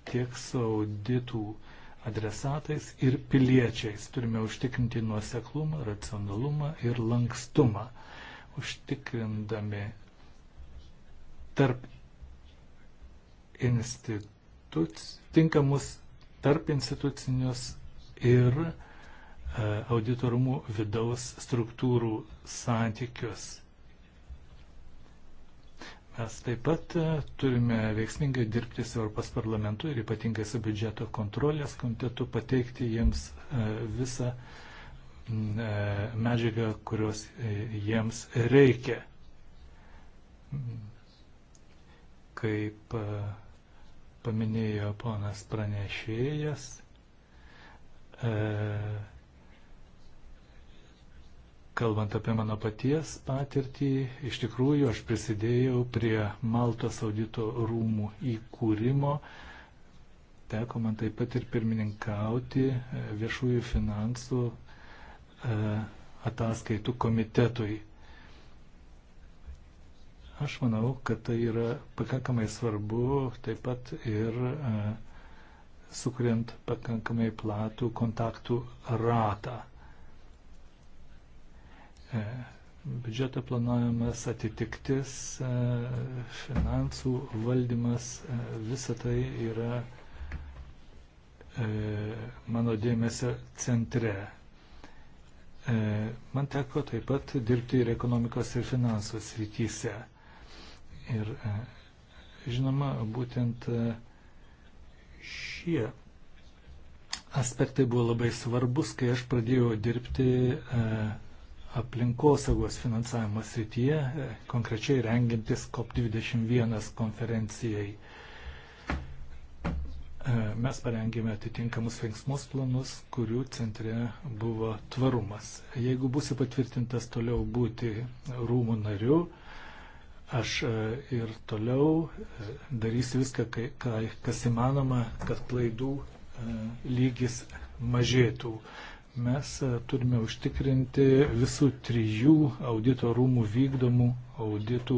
tiek su auditų adresatais ir piliečiais. Turime užtikrinti nuoseklumą, racionalumą ir lankstumą, užtikrindami tarp instituc, tinkamus tarp institucinius ir e, auditorumų vidaus struktūrų santykius Mes taip pat e, turime veiksmingai dirbti su Europos parlamentu ir ypatingai su biudžeto kontrolės komitetu, pateikti jiems e, visą e, medžiagą, kurios jiems reikia. Kaip paminėjo ponas pranešėjas, Kalbant apie mano paties patirtį, iš tikrųjų aš prisidėjau prie Maltos audito rūmų įkūrimo. Teko man taip pat ir pirmininkauti e, viešųjų finansų e, ataskaitų komitetui. Aš manau, kad tai yra pakankamai svarbu taip pat ir e, sukuriant pakankamai platų kontaktų ratą biudžeto planavimas, atitiktis, e, finansų valdymas, e, visa tai yra e, mano dėmesio centre. Man teko taip pat dirbti ir ekonomikos ir finansų srityse. Ir žinoma, būtent šie aspektai buvo labai svarbus, kai aš pradėjau dirbti aplinkosaugos finansavimo srityje, e, konkrečiai rengintis COP21 konferencijai. E, mes parengėme atitinkamus veiksmus planus, kurių centre buvo tvarumas. Jeigu būsiu patvirtintas toliau būti rūmų nariu, aš e, ir toliau darysiu viską, kas įmanoma, kad klaidų lygis mažėtų mes e, turime užtikrinti visų trijų audito rūmų vykdomų auditų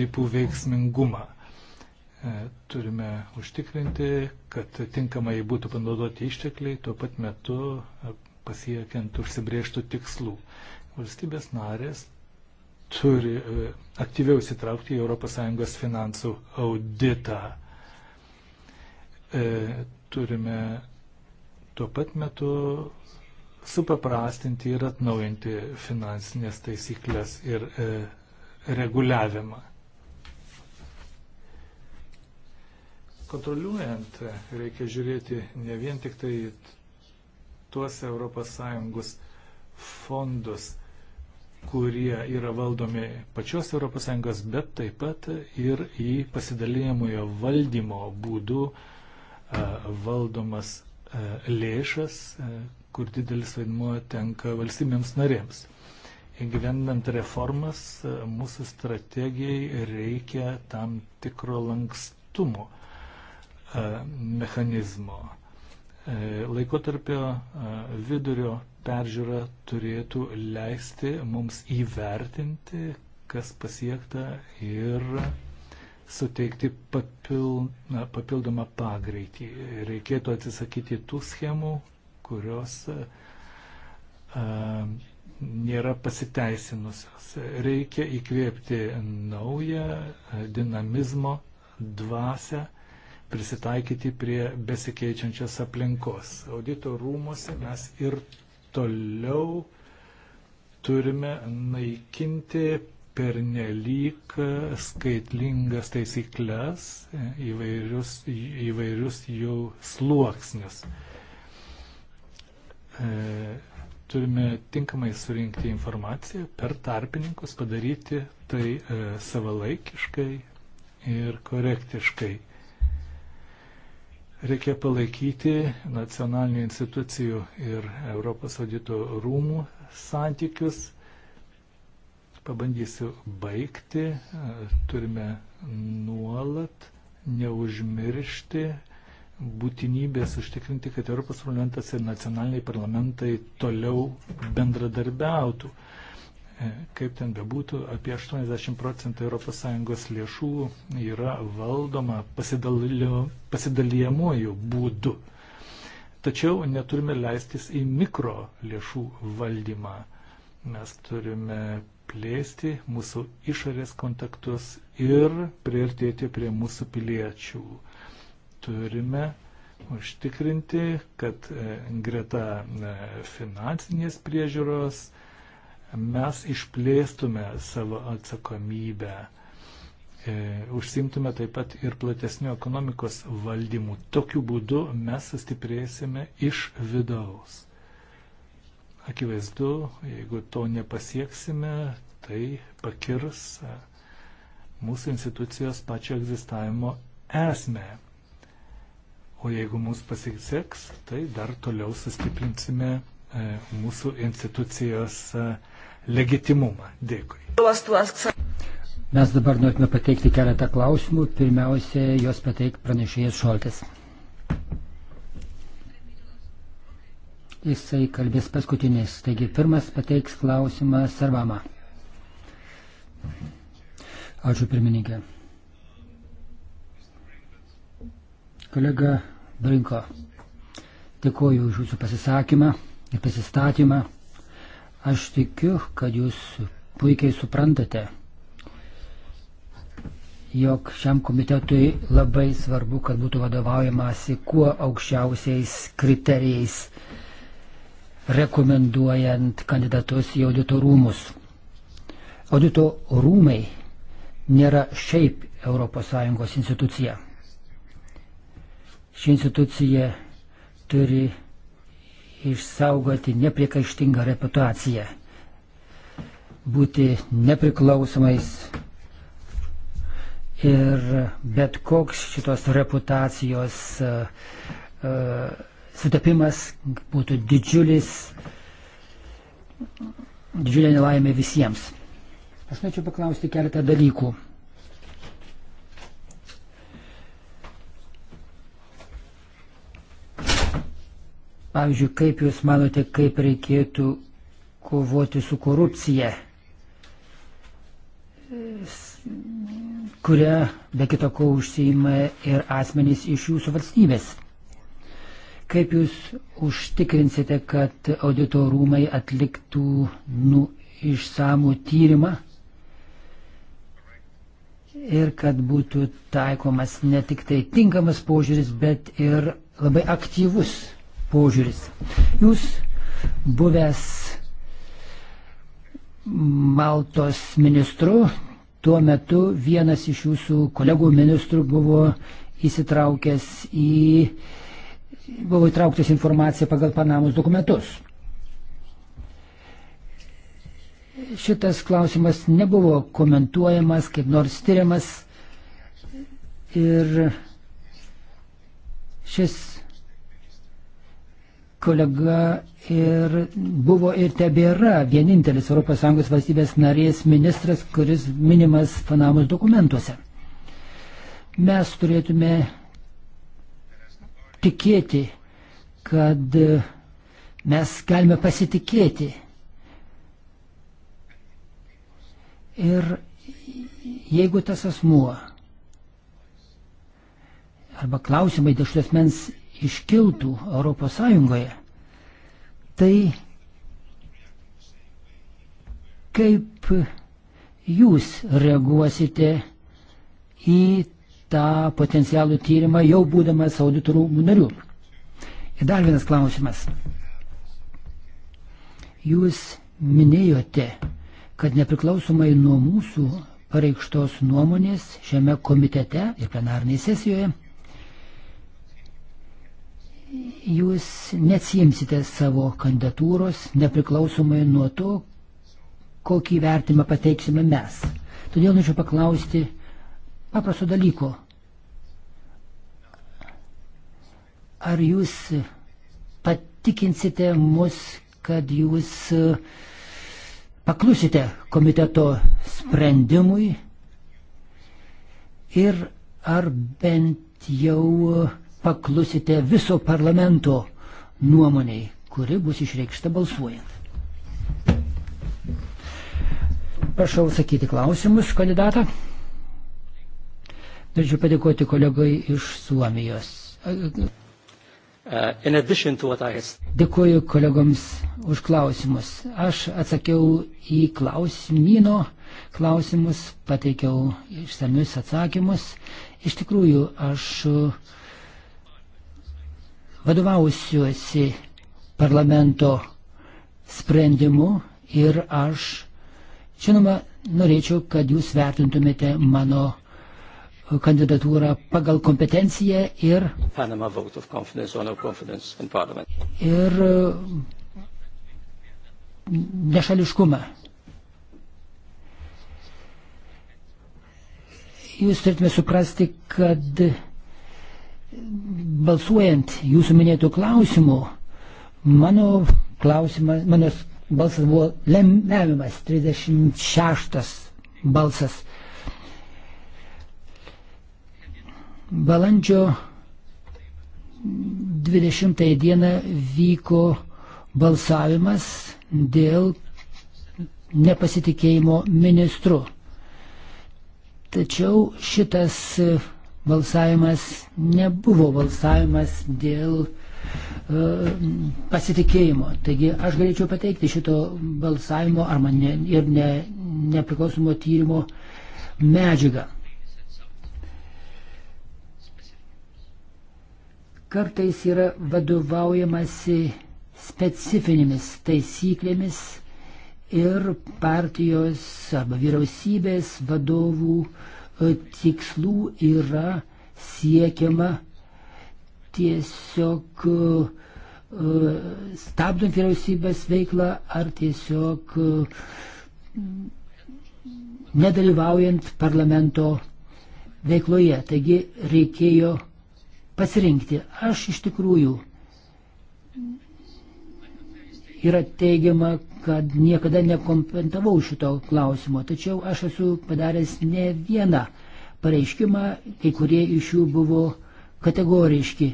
tipų veiksmingumą. E, turime užtikrinti, kad tinkamai būtų panaudoti ištekliai, tuo pat metu e, pasiekiant užsibrieštų tikslų. Valstybės narės turi aktyviau įsitraukti į ES finansų auditą. Turime tuo pat metu supaprastinti ir atnaujinti finansinės taisyklės ir e, reguliavimą. Kontroliuojant reikia žiūrėti ne vien tik tai tuos ES fondus, kurie yra valdomi pačios ES, bet taip pat ir į pasidalėjamojo valdymo būdų e, valdomas E, lėšas, e, kur didelis vaidmuo tenka valstybėms narėms. Įgyvendant reformas, e, mūsų strategijai reikia tam tikro lankstumo mechanizmo. Laikotarpio vidurio peržiūra turėtų leisti mums įvertinti, kas pasiekta ir suteikti papil, na, papildomą pagreitį. Reikėtų atsisakyti tų schemų, kurios e, a, nėra pasiteisinusios. Reikia įkvėpti naują e, dinamizmo dvasę, prisitaikyti prie besikeičiančios aplinkos. Audito rūmose mes ir toliau turime naikinti pernelyg skaitlingas taisyklės, įvairius, įvairius jų sluoksnius. E, turime tinkamai surinkti informaciją, per tarpininkus padaryti tai e, savalaikiškai ir korektiškai. Reikia palaikyti nacionalinių institucijų ir Europos audito rūmų santykius Pabandysiu baigti. Turime nuolat neužmiršti būtinybės užtikrinti, kad Europos parlamentas ir nacionaliniai parlamentai toliau bendradarbiautų. Kaip ten bebūtų, apie 80 procentų ES lėšų yra valdoma pasidalėmuoju būdu. Tačiau neturime leistis į mikro lėšų valdymą. Mes turime plėsti mūsų išorės kontaktus ir priartėti prie mūsų piliečių. Turime užtikrinti, kad e, greta e, finansinės priežiūros mes išplėstume savo atsakomybę e, užsimtume taip pat ir platesnių ekonomikos valdymų. Tokiu būdu mes sustiprėsime iš vidaus akivaizdu, jeigu to nepasieksime, tai pakirs e, mūsų institucijos pačio egzistavimo esmę. O jeigu mums pasiseks, tai dar toliau sustiprinsime e, mūsų institucijos e, legitimumą. Dėkui. Mes dabar norime pateikti keletą klausimų. Pirmiausia, jos pateik pranešėjas Šoltis. jisai kalbės paskutinis. Taigi pirmas pateiks klausimą Sarvama. Ačiū pirmininkė. Kolega Brinko, dėkoju už jūsų pasisakymą ir pasistatymą. Aš tikiu, kad jūs puikiai suprantate, jog šiam komitetui labai svarbu, kad būtų vadovaujamasi kuo aukščiausiais kriterijais rekomenduojant kandidatus į audito rūmus. Audito rūmai nėra šiaip ES institucija. Ši institucija turi išsaugoti nepriekaištingą reputaciją, būti nepriklausomais ir bet koks šitos reputacijos uh, uh, sutapimas būtų didžiulis, didžiulė nelaimė visiems. Aš norėčiau paklausti keletą dalykų. Pavyzdžiui, kaip Jūs manote, kaip reikėtų kovoti su korupcija, kuria be kito ko užsiima ir asmenys iš Jūsų valstybės? Kaip jūs užtikrinsite, kad audito rūmai atliktų nu, išsamų tyrimą ir kad būtų taikomas ne tik tai tinkamas požiūris, bet ir labai aktyvus požiūris. Jūs buvęs Maltos ministru, tuo metu vienas iš jūsų kolegų ministrų buvo įsitraukęs į uh, buvo įtrauktas informacija pagal Panamos dokumentus. Šitas klausimas nebuvo komentuojamas, kaip nors tyriamas ir šis kolega ir buvo ir tebėra vienintelis ES valstybės narės ministras, kuris minimas Panamos dokumentuose. Mes turėtume tikėti, kad e, mes galime pasitikėti. Ir jeigu tas asmuo arba klausimai dėl šios mens iškiltų ES, tai kaip jūs reaguosite į tą potencialų tyrimą jau būdamas auditorų narių. Ir dar vienas klausimas. Jūs minėjote, kad nepriklausomai nuo mūsų pareikštos nuomonės šiame komitete ir plenarnėje sesijoje, jūs neatsijimsite savo kandidatūros nepriklausomai nuo to, kokį vertimą pateiksime mes. Todėl norėčiau paklausti, paprasto dalyko. Ar jūs patikinsite mus, kad jūs e, paklusite komiteto sprendimui ir ar bent jau e, paklusite viso parlamento nuomoniai, kuri bus išreikšta balsuojant. Prašau sakyti klausimus kandidatą. Norėčiau padėkoti kolegai iš Suomijos. Uh, Dėkuoju kolegoms už klausimus. Aš atsakiau į klausimino klausimus, pateikiau išsamius atsakymus. Iš tikrųjų, aš uh, vadovausiuosi parlamento sprendimu ir aš, žinoma, norėčiau, kad jūs vertintumėte mano kandidatūrą pagal kompetenciją ir, ir e, nešališkumą. Jūs turėtume suprasti, kad balsuojant jūsų minėtų klausimų, mano klausimas, mano balsas buvo lemiamas, 36 balsas. Balandžio 20 dieną vyko balsavimas dėl nepasitikėjimo ministru. Tačiau šitas balsavimas nebuvo balsavimas dėl e, pasitikėjimo. Taigi aš galėčiau pateikti šito balsavimo arba ne, ir ne, nepriklausomo tyrimo medžiagą. kartais yra vadovaujamasi specifinėmis taisyklėmis ir partijos arba vyriausybės vadovų e, tikslų yra siekiama tiesiog e, stabdant vyriausybės veiklą ar tiesiog e, nedalyvaujant parlamento veikloje. Taigi reikėjo pasirinkti. Aš iš tikrųjų yra teigiama, kad niekada nekompentavau šito klausimo, tačiau aš esu padaręs ne vieną pareiškimą, kai kurie iš jų buvo kategoriški.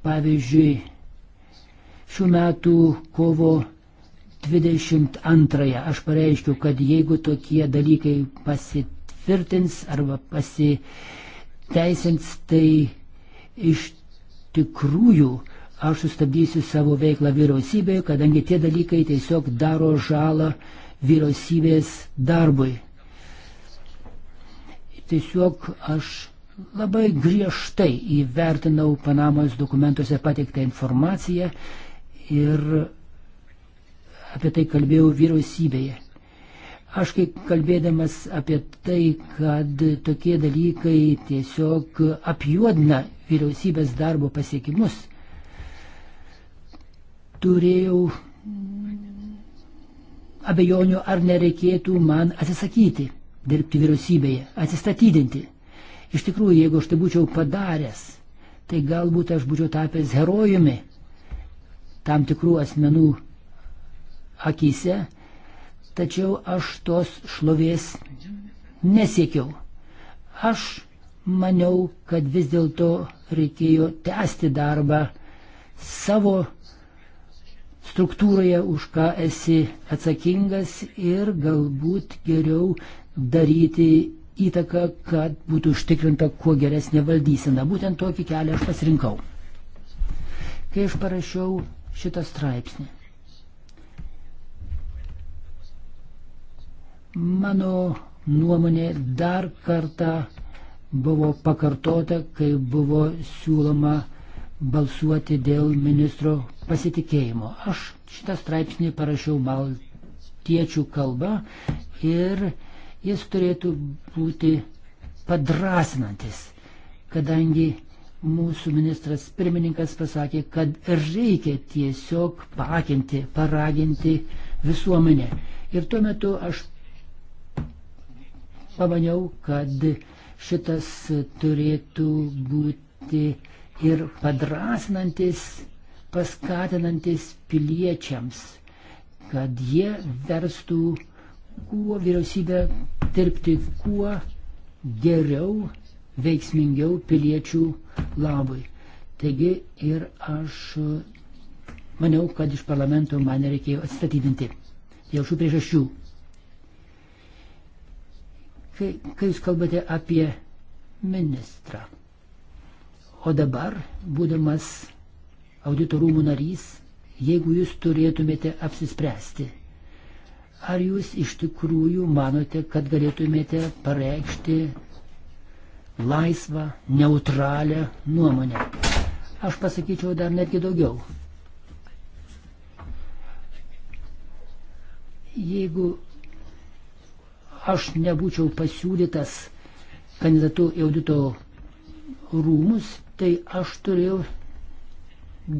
Pavyzdžiui, šių metų kovo 22 aš pareiškiu, kad jeigu tokie dalykai pasitvirtins arba pasiteisins, tai iš tikrųjų aš sustabdysiu savo veiklą vyriausybėje, kadangi tie dalykai tiesiog daro žalą vyriausybės darbui. Tiesiog aš labai griežtai įvertinau Panamos dokumentuose pateiktą informaciją ir apie tai kalbėjau vyriausybėje. Aš kaip kalbėdamas apie tai, kad tokie dalykai tiesiog apjuodina vyriausybės darbo pasiekimus, turėjau abejonių, ar nereikėtų man atsisakyti dirbti vyriausybėje, atsistatydinti. Iš tikrųjų, jeigu aš tai būčiau padaręs, tai galbūt aš būčiau tapęs herojumi tam tikrų asmenų akise tačiau aš tos šlovės nesiekiau. Aš maniau, kad vis dėlto reikėjo tęsti darbą savo struktūroje, už ką esi atsakingas ir galbūt geriau daryti įtaką, kad būtų užtikrinta kuo geresnė valdysena. Būtent tokį kelią aš pasirinkau. Kai aš parašiau šitą straipsnį, Mano nuomonė dar kartą buvo pakartota, kai buvo siūloma balsuoti dėl ministro pasitikėjimo. Aš šitą straipsnį parašiau maltiečių kalba ir jis turėtų būti padrasinantis, kadangi mūsų ministras pirmininkas pasakė, kad reikia tiesiog pakinti, paraginti visuomenę. Ir tuo metu aš pamaniau, kad šitas turėtų būti ir padrasinantis, paskatinantis piliečiams, kad jie verstų kuo vyriausybę dirbti kuo geriau, veiksmingiau piliečių labui. Taigi ir aš maniau, kad iš parlamento man reikėjo atstatydinti dėl šių priežasčių kai, kai jūs kalbate apie ministrą. O dabar, būdamas auditorumų narys, jeigu jūs turėtumėte apsispręsti, ar jūs iš tikrųjų manote, kad galėtumėte pareikšti laisvą, neutralią nuomonę? Aš pasakyčiau dar netgi daugiau. Jeigu aš nebūčiau pasiūlytas kandidatu į audito rūmus, tai aš turėjau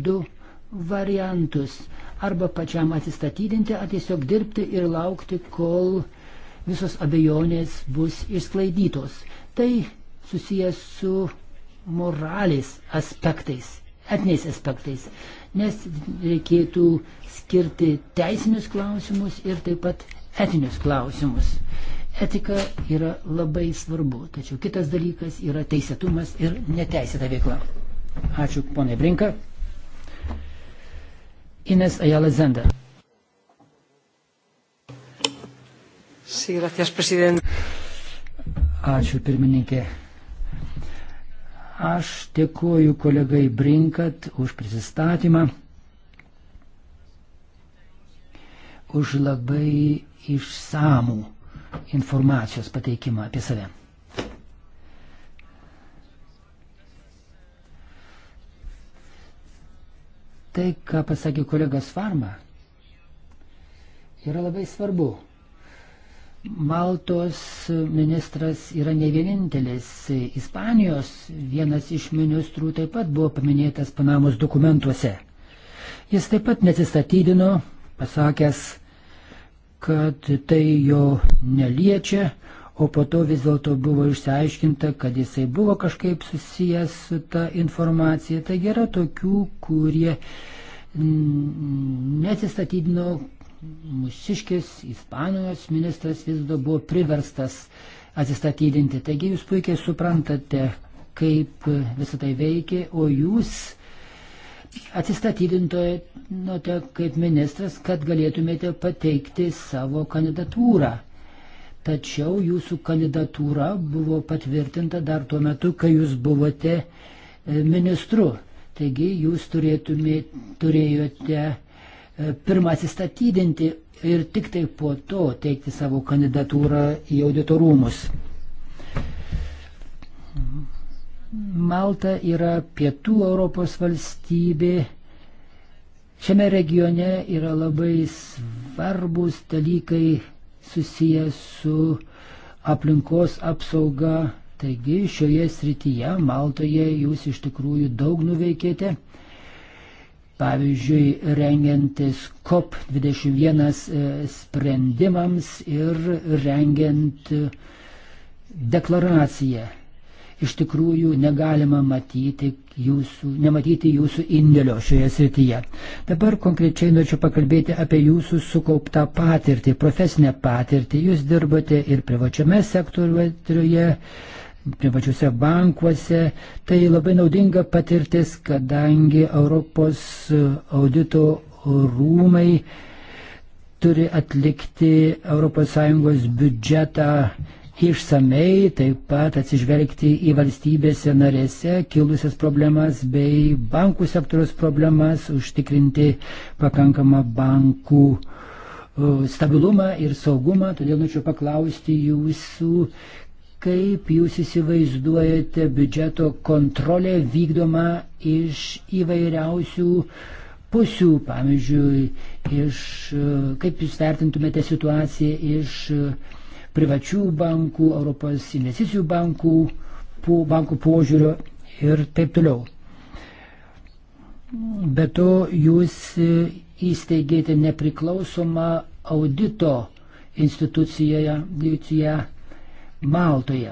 du variantus. Arba pačiam atsistatydinti, ar tiesiog dirbti ir laukti, kol visos abejonės bus išsklaidytos. Tai susijęs su moralės aspektais, etiniais aspektais, nes reikėtų skirti teisinius klausimus ir taip pat etinius klausimus. Etika yra labai svarbu, tačiau kitas dalykas yra teisėtumas ir neteisėta veikla. Ačiū, ponai Brinka. Ines Ayala Zenda. Sí, gracias, presidente. Ačiū, pirmininkė. Aš dėkuoju kolegai Brinkat už prisistatymą, už labai išsamų informacijos pateikimą apie save. Tai, ką pasakė kolegas Farma, yra labai svarbu. Maltos ministras yra ne vienintelis. Ispanijos vienas iš ministrų taip pat buvo paminėtas Panamos dokumentuose. Jis taip pat nesistatydino, pasakęs, kad tai jo neliečia, o po to vis dėlto buvo išsiaiškinta, kad jisai buvo kažkaip susijęs su ta informacija. Taigi yra tokių, kurie mm, nesistatydino, mūsiškis Ispanijos ministras vis dėlto buvo priverstas atsistatydinti. Taigi jūs puikiai suprantate, kaip visą tai veikia, o jūs atsistatydintote kaip ministras, kad galėtumėte pateikti savo kandidatūrą. Tačiau jūsų kandidatūra buvo patvirtinta dar tuo metu, kai jūs buvote e, ministru. Taigi jūs turėtumė, turėjote e, pirmą atsistatydinti ir tik tai po to teikti savo kandidatūrą į auditorumus. Mhm. Malta yra pietų Europos valstybė. Šiame regione yra labai svarbus dalykai susijęs su aplinkos apsauga. Taigi šioje srityje Maltoje jūs iš tikrųjų daug nuveikėte. Pavyzdžiui, rengiantis COP21 e, sprendimams ir rengiant e, deklaraciją iš tikrųjų negalima matyti jūsų, nematyti jūsų indėlio šioje srityje. Dabar konkrečiai norėčiau pakalbėti apie jūsų sukauptą patirtį, profesinę patirtį. Jūs dirbate ir privačiame sektoriuje, privačiuose bankuose. Tai labai naudinga patirtis, kadangi Europos audito rūmai turi atlikti ES biudžetą išsamei taip pat atsižvelgti į valstybėse narėse kilusias problemas bei bankų sektoriaus problemas, užtikrinti pakankamą bankų stabilumą ir saugumą. Todėl norėčiau paklausti jūsų, kaip jūs įsivaizduojate biudžeto kontrolę vykdomą iš įvairiausių pusių, pavyzdžiui, iš, kaip jūs vertintumėte situaciją iš privačių bankų, Europos investicijų bankų, bankų požiūrio ir taip toliau. Be to, jūs įsteigėte nepriklausomą audito instituciją Maltoje.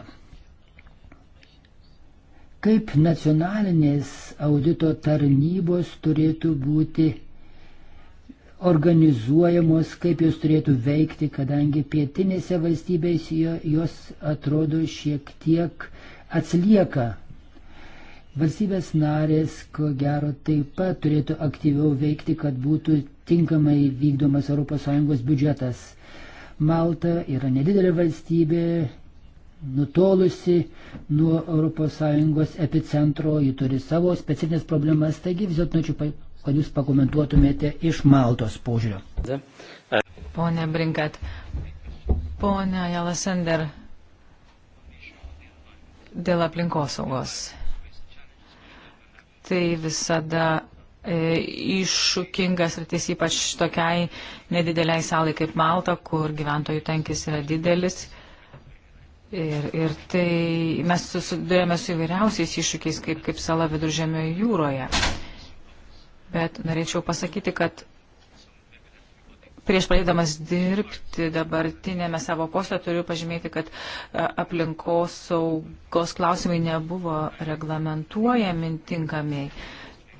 Kaip nacionalinės audito tarnybos turėtų būti organizuojamos, kaip jos turėtų veikti, kadangi pietinėse valstybėse jos atrodo šiek tiek atsilieka. Valstybės narės, ko gero, taip pat turėtų aktyviau veikti, kad būtų tinkamai vykdomas ES biudžetas. Malta yra nedidelė valstybė, nutolusi nuo ES epicentro, ji turi savo specifines problemas, taigi vis dėlto norėčiau kad jūs pakomentuotumėte iš Maltos požiūrio. Pone Brinkat, pone Jalasender, dėl aplinkosaugos. Tai visada e, iššūkingas rytis, ypač tokiai nedideliai salai kaip Malta, kur gyventojų tankis yra didelis. Ir, ir tai mes susidurėme su įvairiausiais iššūkiais, kaip, kaip sala viduržėmio jūroje bet norėčiau pasakyti, kad prieš pradėdamas dirbti dabartinėme savo poste turiu pažymėti, kad e, aplinkos saugos klausimai nebuvo reglamentuojami tinkamai.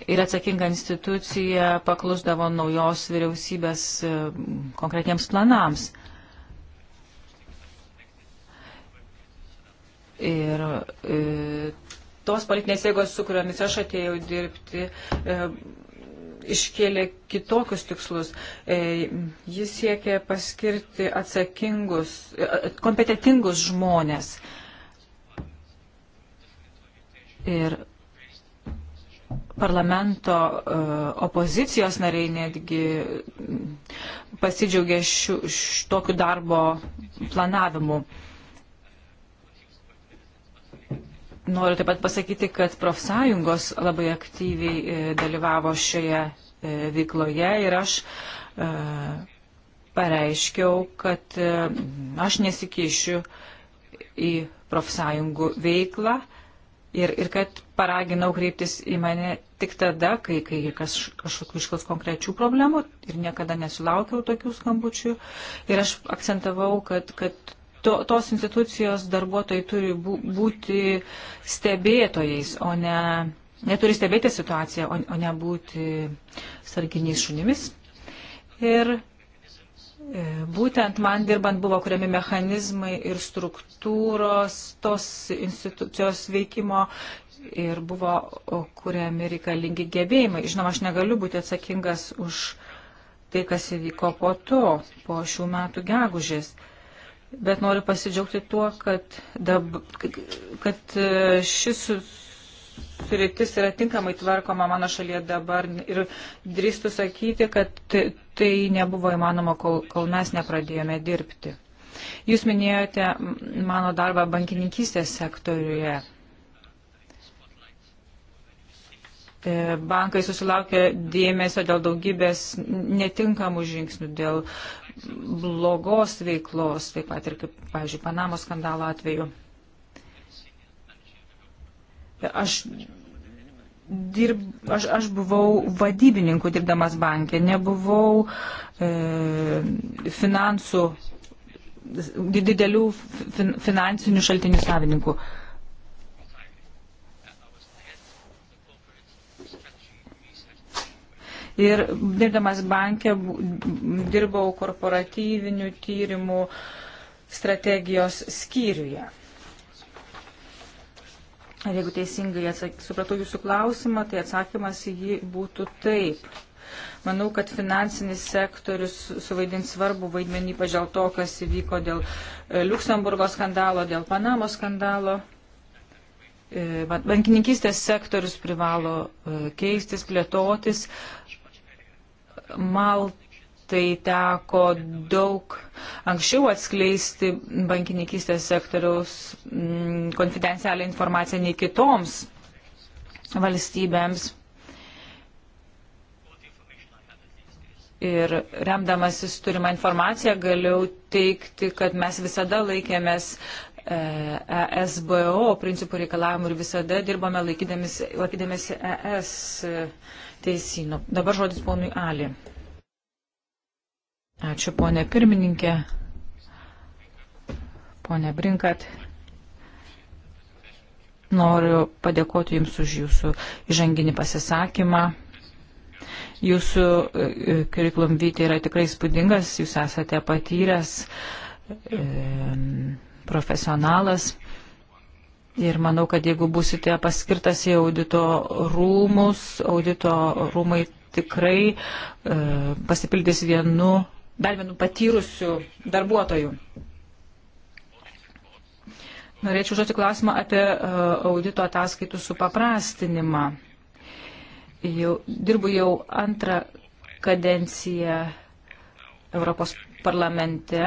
Ir atsakinga institucija paklusdavo naujos vyriausybės e, konkretiems planams. Ir e, tos politinės jėgos, su kuriomis aš atėjau dirbti, e, iškėlė kitokius tikslus. E, jis siekė paskirti atsakingus, e, kompetitingus žmonės. Ir parlamento e, opozicijos nariai netgi pasidžiaugė šių, tokiu darbo planavimu. Noriu taip pat pasakyti, kad profsąjungos labai aktyviai e, dalyvavo šioje e, veikloje ir aš e, pareiškiau, kad aš nesikišiu į profsąjungų veiklą ir, ir kad paraginau kreiptis į mane tik tada, kai, kai kas, kažkokių iškils konkrečių problemų ir niekada nesulaukiau tokių skambučių. Ir aš akcentavau, kad, kad to, tos institucijos darbuotojai turi būti stebėtojais, o ne, neturi stebėti situaciją, o, o ne būti sarginiais šunimis. Ir e, būtent man dirbant buvo kuriami mechanizmai ir struktūros tos institucijos veikimo ir buvo kuriami reikalingi gebėjimai. Žinoma, aš negaliu būti atsakingas už tai, kas įvyko po to, po šių metų gegužės bet noriu pasidžiaugti tuo, kad, dab, kad e, šis sritis yra tinkamai tvarkoma mano šalyje dabar ir drįstu sakyti, kad tai nebuvo įmanoma, kol, kol mes nepradėjome dirbti. Jūs minėjote mano darbą bankininkystės sektoriuje. E, bankai susilaukė dėmesio dėl daugybės netinkamų žingsnių, dėl blogos veiklos, taip pat ir kaip, pavyzdžiui, Panamos skandalo atveju. Aš, dirb, aš, aš buvau vadybininku dirbdamas bankė, nebuvau e, finansų, didelių fin, finansinių šaltinių savininkų. E, Ir dirbdamas bankė dirbau korporatyvinių tyrimų strategijos skyriuje. Ir jeigu teisingai atsak, supratau jūsų klausimą, tai atsakymas į jį būtų taip. Manau, kad finansinis sektorius suvaidins svarbu vaidmenį, ypač dėl to, kas įvyko dėl e, Luksemburgo skandalo, dėl Panamo skandalo. E, bankininkystės sektorius privalo e, keistis, plėtotis, Maltai teko daug anksčiau atskleisti bankininkystės sektoriaus mm, konfidencialią informaciją nei kitoms valstybėms. Ir remdamasis turimą informaciją galiu teikti, kad mes visada laikėmės ESBO e principų reikalavimų ir visada dirbame laikydamėsi ES teisynų. Dabar žodis ponui Ali. Ačiū ponė pirmininkė, ponė Brinkat. Noriu padėkoti Jums už Jūsų įžanginį pasisakymą. Jūsų kuriklum e, e, vytė yra tikrai spūdingas, Jūs esate patyręs e, profesionalas. Ir manau, kad jeigu būsite paskirtas į audito rūmus, audito rūmai tikrai e, pasipildys vienu, dar vienu patyrusiu darbuotoju. Norėčiau užduoti klausimą apie e, audito ataskaitų supaprastinimą. Jau, dirbu jau antrą kadenciją Europos parlamente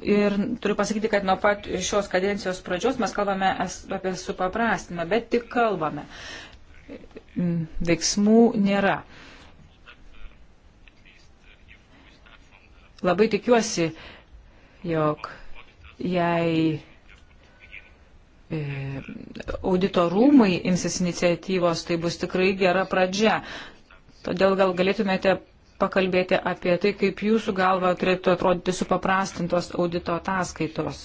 Ir turiu pasakyti, kad nuo pat šios kadencijos pradžios mes kalbame apie supaprastinimą, bet tik kalbame. Veiksmų nėra. Labai tikiuosi, jog jei e, audito rūmai imsis iniciatyvos, tai bus tikrai gera pradžia. Todėl gal galėtumėte pakalbėti apie tai, kaip jūsų galva turėtų atrodyti supaprastintos audito ataskaitos.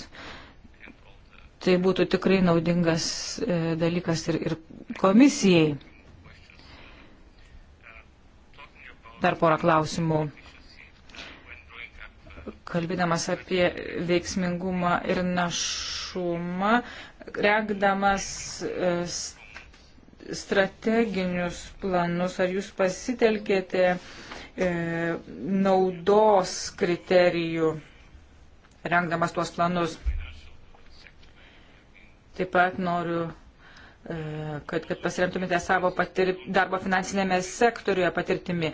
Tai būtų tikrai naudingas e, dalykas ir, ir komisijai. Dar porą klausimų. Kalbėdamas apie veiksmingumą ir našumą, regdamas e, strateginius planus, ar jūs pasitelkėte uh, e, naudos kriterijų, rengdamas tuos planus. Taip pat noriu, e, kad, kad pasiremtumėte savo patir, darbo finansinėme sektoriuje patirtimi.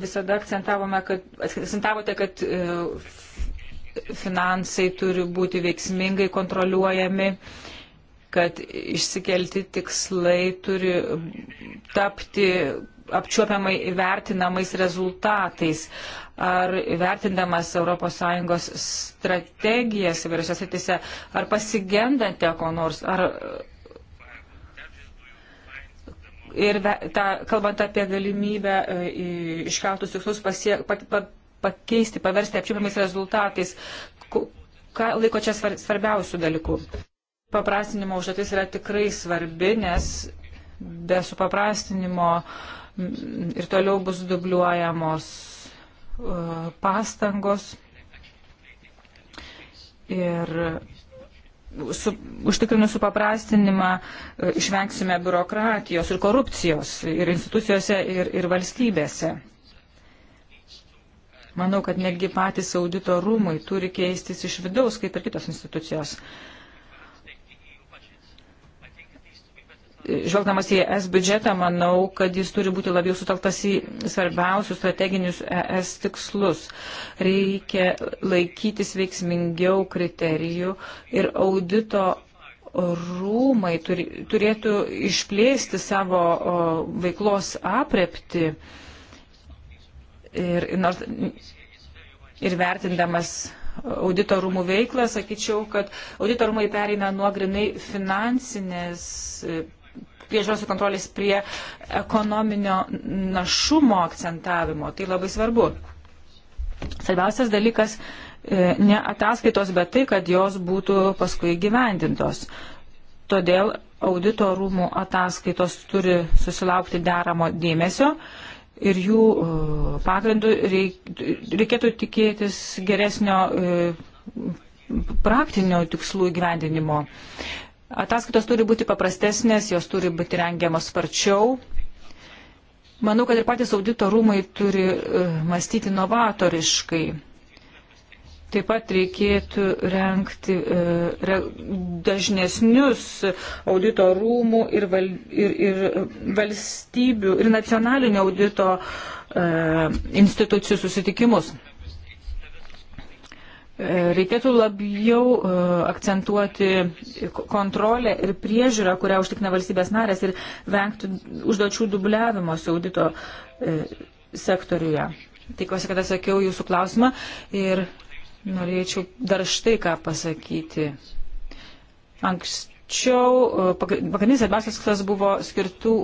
Visada akcentavome, kad, akcentavote, kad e, finansai turi būti veiksmingai kontroliuojami kad išsikelti tikslai turi tapti apčiuopiamai vertinamais rezultatais. Ar vertindamas ES strategijas įvairiose sritise, ar pasigendate ko nors, ar ir ta, kalbant apie galimybę e, iškeltus tikslus pasie, pa, pa, pakeisti, paversti apčiupiamais rezultatais, ką laiko čia svarbiausių dalykų? Paprastinimo užduotis yra tikrai svarbi, nes be supaprastinimo uh, ir toliau bus dubliuojamos e, pastangos ir su, užtikrinus supaprastinimą e, išvengsime biurokratijos ir korupcijos ir institucijose ir, ir valstybėse. Manau, kad netgi patys audito rūmai turi keistis iš vidaus, kaip ir kitos institucijos. Uh, žvelgdamas į ES biudžetą, manau, kad jis turi būti labiau sutelktas į svarbiausius strateginius ES tikslus. Reikia laikytis veiksmingiau kriterijų ir audito rūmai turi, turėtų išplėsti savo o, veiklos aprepti ir, nors, ir vertindamas auditorumų veiklą, sakyčiau, kad auditorumai pereina nuo grinai finansinės priežiūros ir kontrolės prie ekonominio našumo akcentavimo. Tai labai svarbu. Svarbiausias dalykas e, ne ataskaitos, bet tai, kad jos būtų paskui gyvendintos. Todėl audito rūmų ataskaitos turi susilaukti deramo dėmesio ir jų e, pagrindų reikėtų tikėtis geresnio e, praktinio tikslų įgyvendinimo. Ataskaitos turi būti paprastesnės, jos turi būti rengiamas sparčiau. Manau, kad ir patys audito rūmai turi e, mąstyti novatoriškai. Taip pat reikėtų renkti e, re, dažnesnius audito rūmų ir, val, ir, ir valstybių ir nacionalinio audito e, institucijų susitikimus. Reikėtų labiau e, akcentuoti kontrolę ir priežiūrą, kurią užtikna valstybės narės ir vengti užduočių dubliavimo su audito e, sektoriuje. Tikiuosi, kad atsakiau jūsų klausimą ir norėčiau dar štai ką pasakyti. Anks, Tačiau e, pagrindinis svarbiausias tikslas buvo skirtų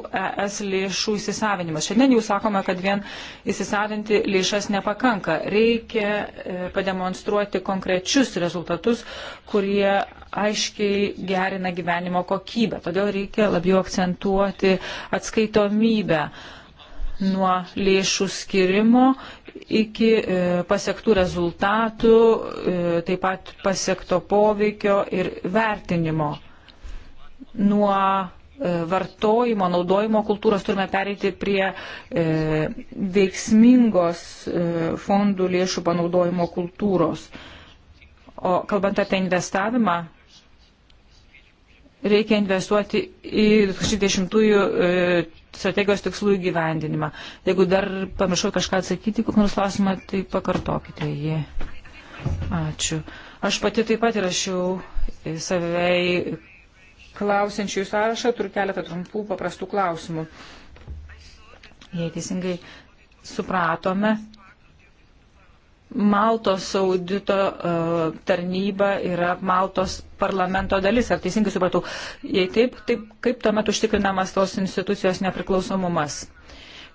ES lėšų įsisavinimas. Šiandien jau sakome, kad vien įsisavinti lėšas nepakanka. Reikia e, pademonstruoti konkrečius rezultatus, kurie aiškiai gerina gyvenimo kokybę. Todėl reikia labiau akcentuoti atskaitomybę nuo lėšų skirimo iki e, pasiektų rezultatų, e, taip pat pasiekto poveikio ir vertinimo nuo e, vartojimo, naudojimo kultūros turime pereiti prie e, veiksmingos e, fondų lėšų panaudojimo kultūros. O kalbant apie investavimą, reikia investuoti į 2010-ųjų e, strategijos tikslų įgyvendinimą. Jeigu dar pamiršau kažką atsakyti, kokį nors klausimą, tai pakartokite jį. Ačiū. Aš pati taip pat rašiau savai klausiančių sąrašą, turiu keletą trumpų paprastų klausimų. Jei teisingai supratome, Maltos audito uh, tarnyba yra Maltos parlamento dalis, ar teisingai supratau. Jei taip, taip kaip tuomet užtikrinamas tos institucijos nepriklausomumas?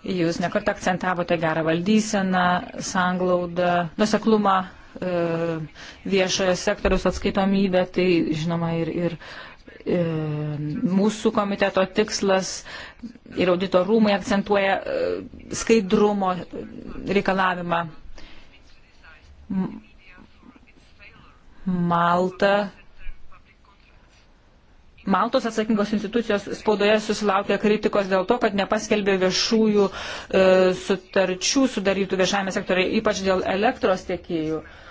Jūs nekart akcentavote gerą valdyseną, sanglaudą, nuseklumą, e, viešojo sektoriaus atskaitomybę, tai žinoma ir, ir E, mūsų komiteto tikslas ir audito rūmai akcentuoja e, skaidrumo reikalavimą. Malta. Maltos atsakingos institucijos spaudoje susilaukė kritikos dėl to, kad nepaskelbė viešųjų e, sutarčių sudarytų viešajame sektoriai, ypač dėl elektros tiekėjų. E,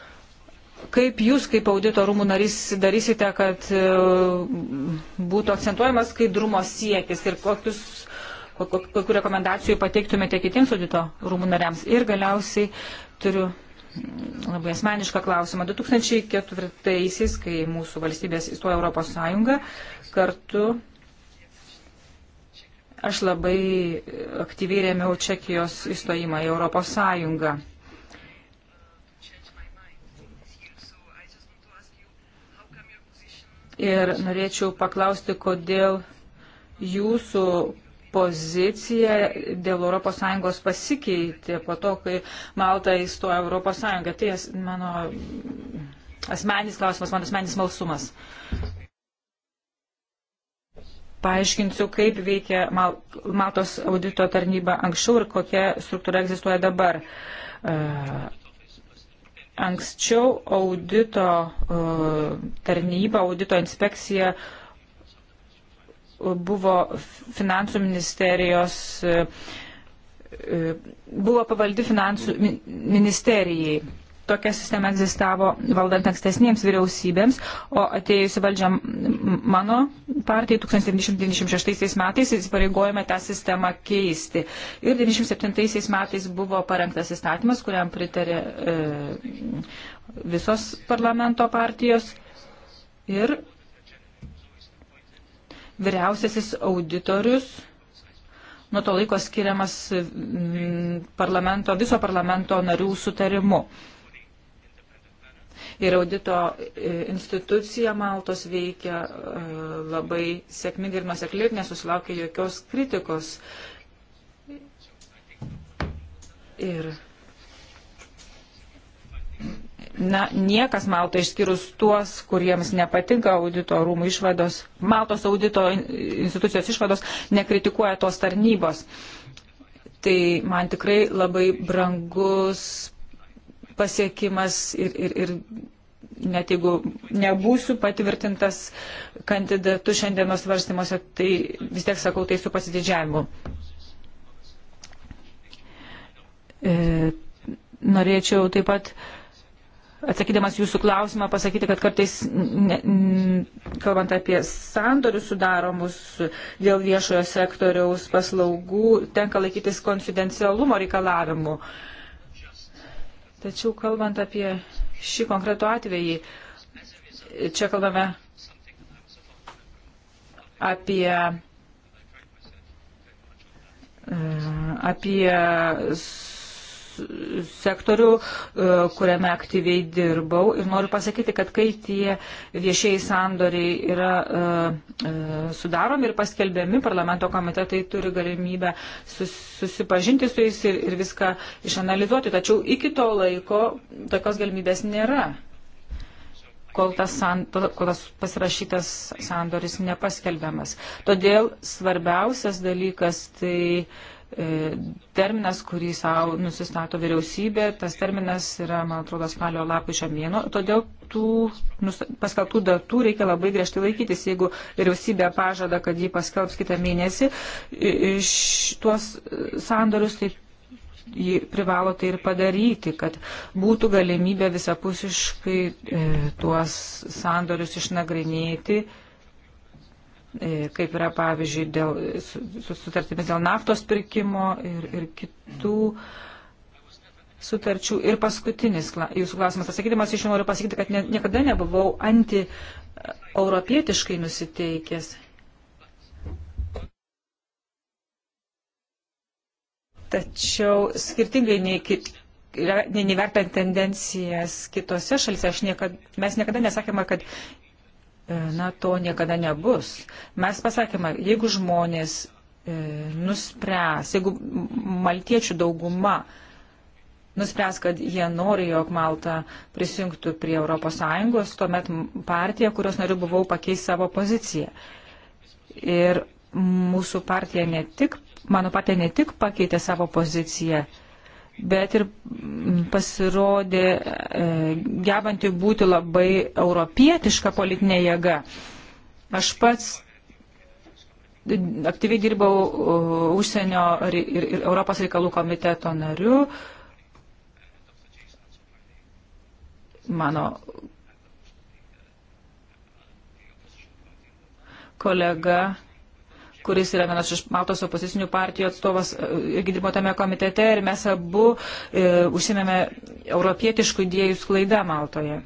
Kaip jūs, kaip audito rūmų narys, darysite, kad e, būtų akcentuojamas skaidrumo siekis ir kokius, kokiu rekomendacijų pateiktumėte kitiems audito rūmų nariams? Ir galiausiai turiu mm, labai asmenišką klausimą. 2004-aisiais, kai mūsų valstybės įstojo Europos Sąjunga, kartu aš labai aktyviai remiau Čekijos įstojimą į Europos Sąjungą. Ir norėčiau paklausti, kodėl jūsų pozicija dėl ES pasikeitė po to, kai Malta įstojo tai ES. Tai as, mano asmenis klausimas, mano asmenis malsumas. Paaiškinsiu, kaip veikia Mal Maltos audito tarnyba anksčiau ir kokia struktūra egzistuoja dabar. Uh, Anksčiau audito e, tarnyba, audito inspekcija buvo finansų ministerijos, e, e, buvo pavaldi finansų ministerijai tokia sistema egzistavo valdant ankstesniems vyriausybėms, o atėjusi valdžia mano partijai 1996 metais įsipareigojome tą sistemą keisti. Ir 1997 metais buvo parengtas įstatymas, kuriam pritarė e, visos parlamento partijos. Ir vyriausiasis auditorius nuo to laiko skiriamas parlamento, viso parlamento narių sutarimu ir audito e, institucija Maltos veikia e, labai sėkmingai ir nusekliai ir nesusilaukia jokios kritikos. Ir na, niekas Malta išskyrus tuos, kuriems nepatinka audito rūmų išvados, Maltos audito institucijos išvados, nekritikuoja tos tarnybos. Tai man tikrai labai brangus pasiekimas ir, ir, ir net jeigu nebūsiu patvirtintas kandidatu šiandienos svarstymuose, tai vis tiek sakau tai su pasididžiavimu. E, norėčiau taip pat atsakydamas jūsų klausimą pasakyti, kad kartais, ne, kalbant apie sandorius sudaromus dėl viešojo sektoriaus paslaugų, tenka laikytis konfidencialumo reikalavimų. E, Tačiau kalbant apie šį konkretų atvejį, čia kalbame apie e, apie sektorių, e, kuriame aktyviai dirbau. Ir noriu pasakyti, kad kai tie viešieji sandoriai yra e, e, sudaromi ir paskelbiami, parlamento komitetai turi galimybę susipažinti su jais ir, ir viską išanalizuoti. Tačiau iki to laiko tokios galimybės nėra kol tas, san, kol tas pasirašytas sandoris nepaskelbiamas. Todėl svarbiausias dalykas tai uh, E, terminas, kurį savo nusistato vyriausybė, tas terminas yra, man atrodo, spalio lapkričio mėno, todėl tų paskelbtų datų reikia labai griežtai laikytis. Jeigu vyriausybė pažada, kad jį paskelbs kitą mėnesį, iš tuos e, sandorius taip jį privalo tai ir padaryti, kad būtų galimybė visapusiškai e, tuos sandorius išnagrinėti E, kaip yra pavyzdžiui dėl, su sutartimis dėl naftos pirkimo ir, ir kitų sutarčių. Ir paskutinis jūsų klausimas atsakydamas, iš jų noriu pasakyti, kad ne, niekada nebuvau anti-europietiškai nusiteikęs. Tačiau skirtingai nei kit, nevertinant tendencijas kitose šalise, niekad, mes niekada nesakėme, kad E, na, to niekada nebus. Mes pasakėme, jeigu žmonės e, nuspręs, jeigu maltiečių dauguma nuspręs, kad jie nori, jog Malta prisijungtų prie ES, tuomet partija, kurios nariu buvau, pakeis savo poziciją. Ir mūsų partija ne tik, mano partija ne tik pakeitė savo poziciją, bet ir mm, pasirodė e, gebanti būti labai europietiška politinė jėga. Aš pats aktyviai dirbau e, užsienio ir, ir, ir Europos reikalų komiteto nariu. Mano kolega kuris yra vienas iš Maltos opozicinių partijų atstovas, e, irgi dirbo tame komitete ir mes abu e, užsimėme europietiškų idėjų sklaidą Maltoje.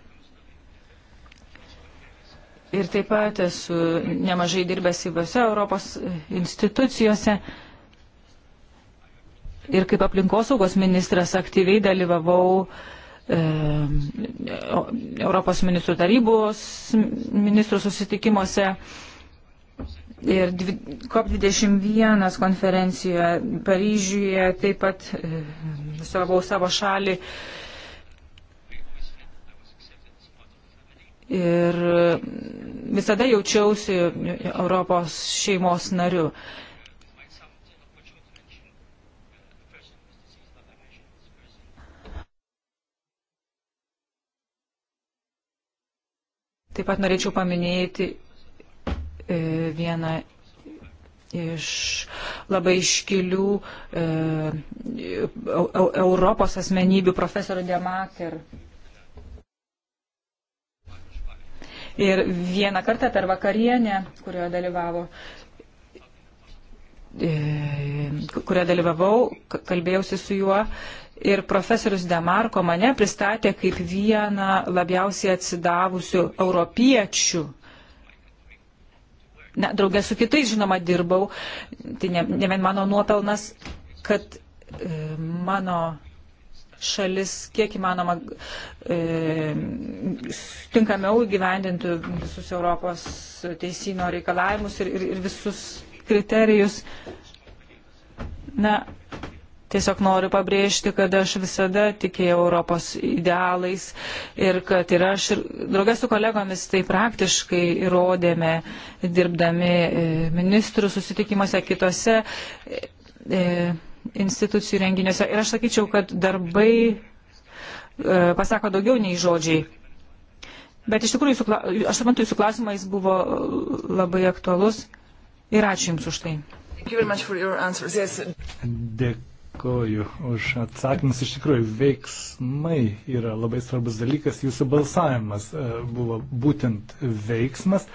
Ir taip pat esu nemažai dirbęs įvairiose Europos institucijose. Ir kaip aplinkosaugos ministras aktyviai dalyvavau e, Europos ministrų tarybos ministrų susitikimuose. E, Ir COP21 konferencijoje Paryžiuje taip pat e, savau savo šalį. Ir visada jaučiausi Europos šeimos nariu. Taip pat norėčiau paminėti E, vieną iš labai iškilių e, Europos asmenybių profesorių Demaker. Ir vieną kartą per vakarienę, kurioje dalyvavo, e, kurioje dalyvavau, kalbėjausi su juo ir profesorius Demarko mane pristatė kaip vieną labiausiai atsidavusių europiečių na, draugė su kitais, žinoma, dirbau, tai ne, ne vien mano nuopelnas, kad e, mano šalis kiek įmanoma e, tinkamiau gyvendintų visus Europos teisino reikalavimus ir, ir, ir visus kriterijus. Na, Tiesiog noriu pabrėžti, kad aš visada tikėjau Europos idealais ir kad ir aš, ir draugės su kolegomis, tai praktiškai įrodėme, dirbdami e, ministrų susitikimuose, kitose e, e, institucijų renginiuose. Ir aš sakyčiau, kad darbai pasako daugiau nei žodžiai. Bet iš tikrųjų, aš suprantu, jūsų klausimą jis buvo labai aktualus ir ačiū Jums už tai. Dėkuoju dėkoju už atsakymus. Iš tikrųjų, veiksmai yra labai svarbus dalykas. Jūsų balsavimas e, buvo būtent veiksmas.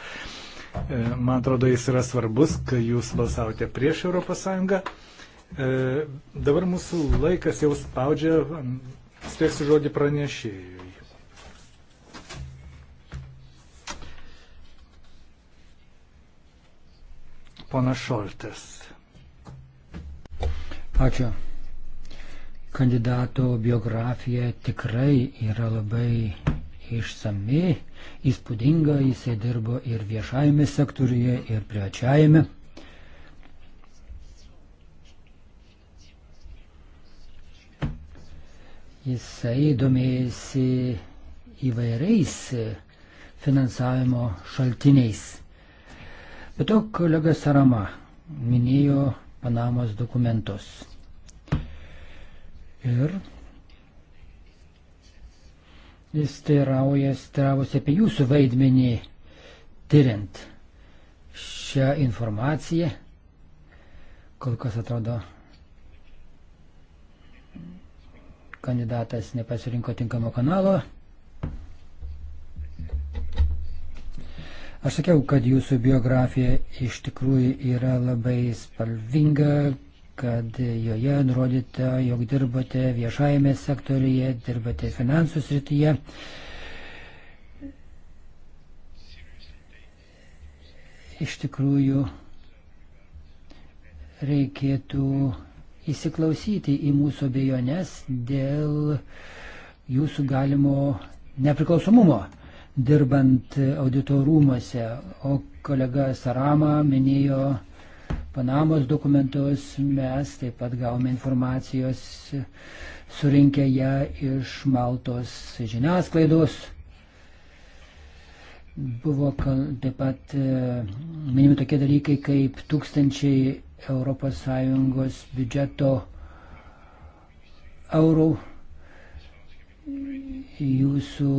E, man atrodo, jis yra svarbus, kai jūs balsavote prieš ES. E, dabar mūsų laikas jau spaudžia, stėsiu žodį pranešėjui. Pana Šoltas. Ačiū. Kandidato biografija tikrai yra labai išsami, įspūdinga, jisai dirbo ir viešajame sektoriuje, ir privačiajame. Jisai domėjasi įvairiais finansavimo šaltiniais. Bet to kolega Sarama minėjo Panamos dokumentus ir jis teiraujas, teiravosi apie jūsų vaidmenį tyriant šią informaciją. Kol kas atrodo, kandidatas nepasirinko tinkamo kanalo. Aš sakiau, kad jūsų biografija iš tikrųjų yra labai spalvinga, kad joje nurodyta, jog dirbate viešajame sektoriuje, dirbate finansų srityje. Iš tikrųjų, reikėtų įsiklausyti į mūsų abejonės dėl jūsų galimo nepriklausomumo dirbant audito rūmose. O kolega Sarama minėjo Panamos dokumentus, mes taip pat gavome informacijos, surinkę ją iš Maltos žiniasklaidos. Buvo taip pat e, minimi tokie dalykai kaip tūkstančiai ES biudžeto eurų jūsų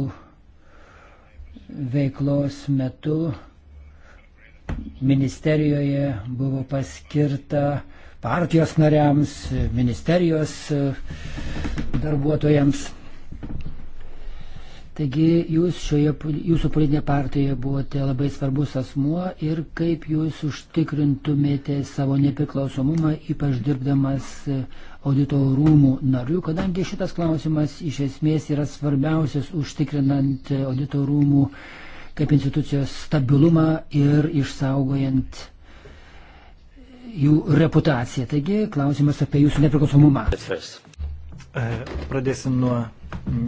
veiklos metu ministerijoje buvo paskirta partijos nariams, ministerijos e, darbuotojams. Taigi jūs šioje, jūsų politinėje partijoje buvote labai svarbus asmuo ir kaip jūs užtikrintumėte savo nepriklausomumą, ypač dirbdamas e, audito rūmų narių, kadangi šitas klausimas iš esmės yra svarbiausias užtikrinant e, audito rūmų uh, kaip institucijos stabilumą ir išsaugojant jų reputaciją. Taigi klausimas apie jūsų nepriklausomumą. E, pradėsim nuo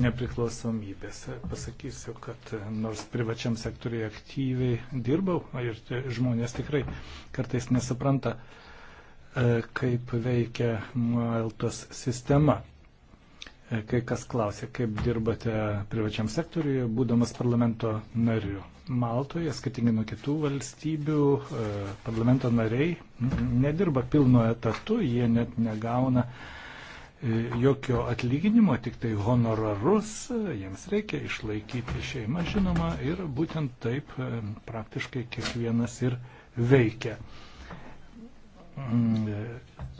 nepriklausomybės. Pasakysiu, kad nors privačiam sektoriui aktyviai dirbau ir žmonės tikrai kartais nesupranta, e, kaip veikia Maltos sistema. Kai kas klausė, kaip dirbate privačiam sektoriuje, būdamas parlamento nariu. Maltoje, skirtingai nuo kitų valstybių, e, parlamento nariai nedirba pilno etatu, jie net negauna e, jokio atlyginimo, tik tai honorarus, jiems reikia išlaikyti šeimą, žinoma, ir būtent taip e, praktiškai kiekvienas ir veikia. Mm,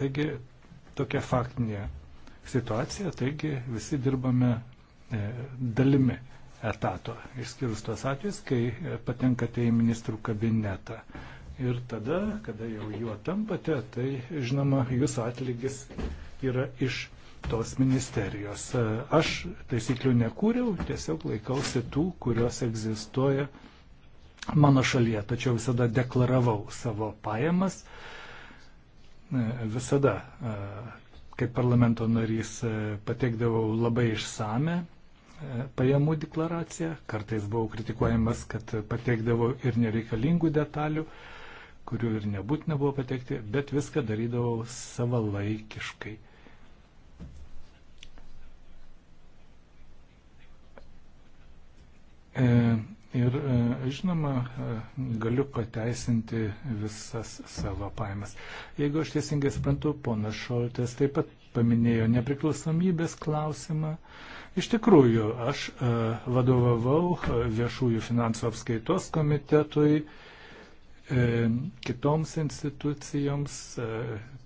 taigi tokia faktinė situacija, taigi visi dirbame e, dalimi etato, išskyrus tuos atvejus, kai e, patenkate į ministrų kabinetą. Ir tada, kada jau juo tampate, tai žinoma, jūsų atlygis yra iš tos ministerijos. E, aš taisyklių nekūriau, tiesiog laikausi tų, kurios egzistuoja mano šalyje, tačiau visada deklaravau savo pajamas, E, visada, e, kaip parlamento narys, e, pateikdavau labai išsame pajamų deklaraciją, kartais buvau kritikuojamas, kad pateikdavau ir nereikalingų detalių, kurių ir nebūtina buvo pateikti, bet viską darydavau savalaikiškai. Ir e, žinoma, e, galiu pateisinti visas savo paėmas. Jeigu aš teisingai suprantu, ponas Šoltės taip pat paminėjo nepriklausomybės klausimą. Iš tikrųjų, aš e, vadovavau viešųjų finansų apskaitos komitetui, kitoms institucijoms,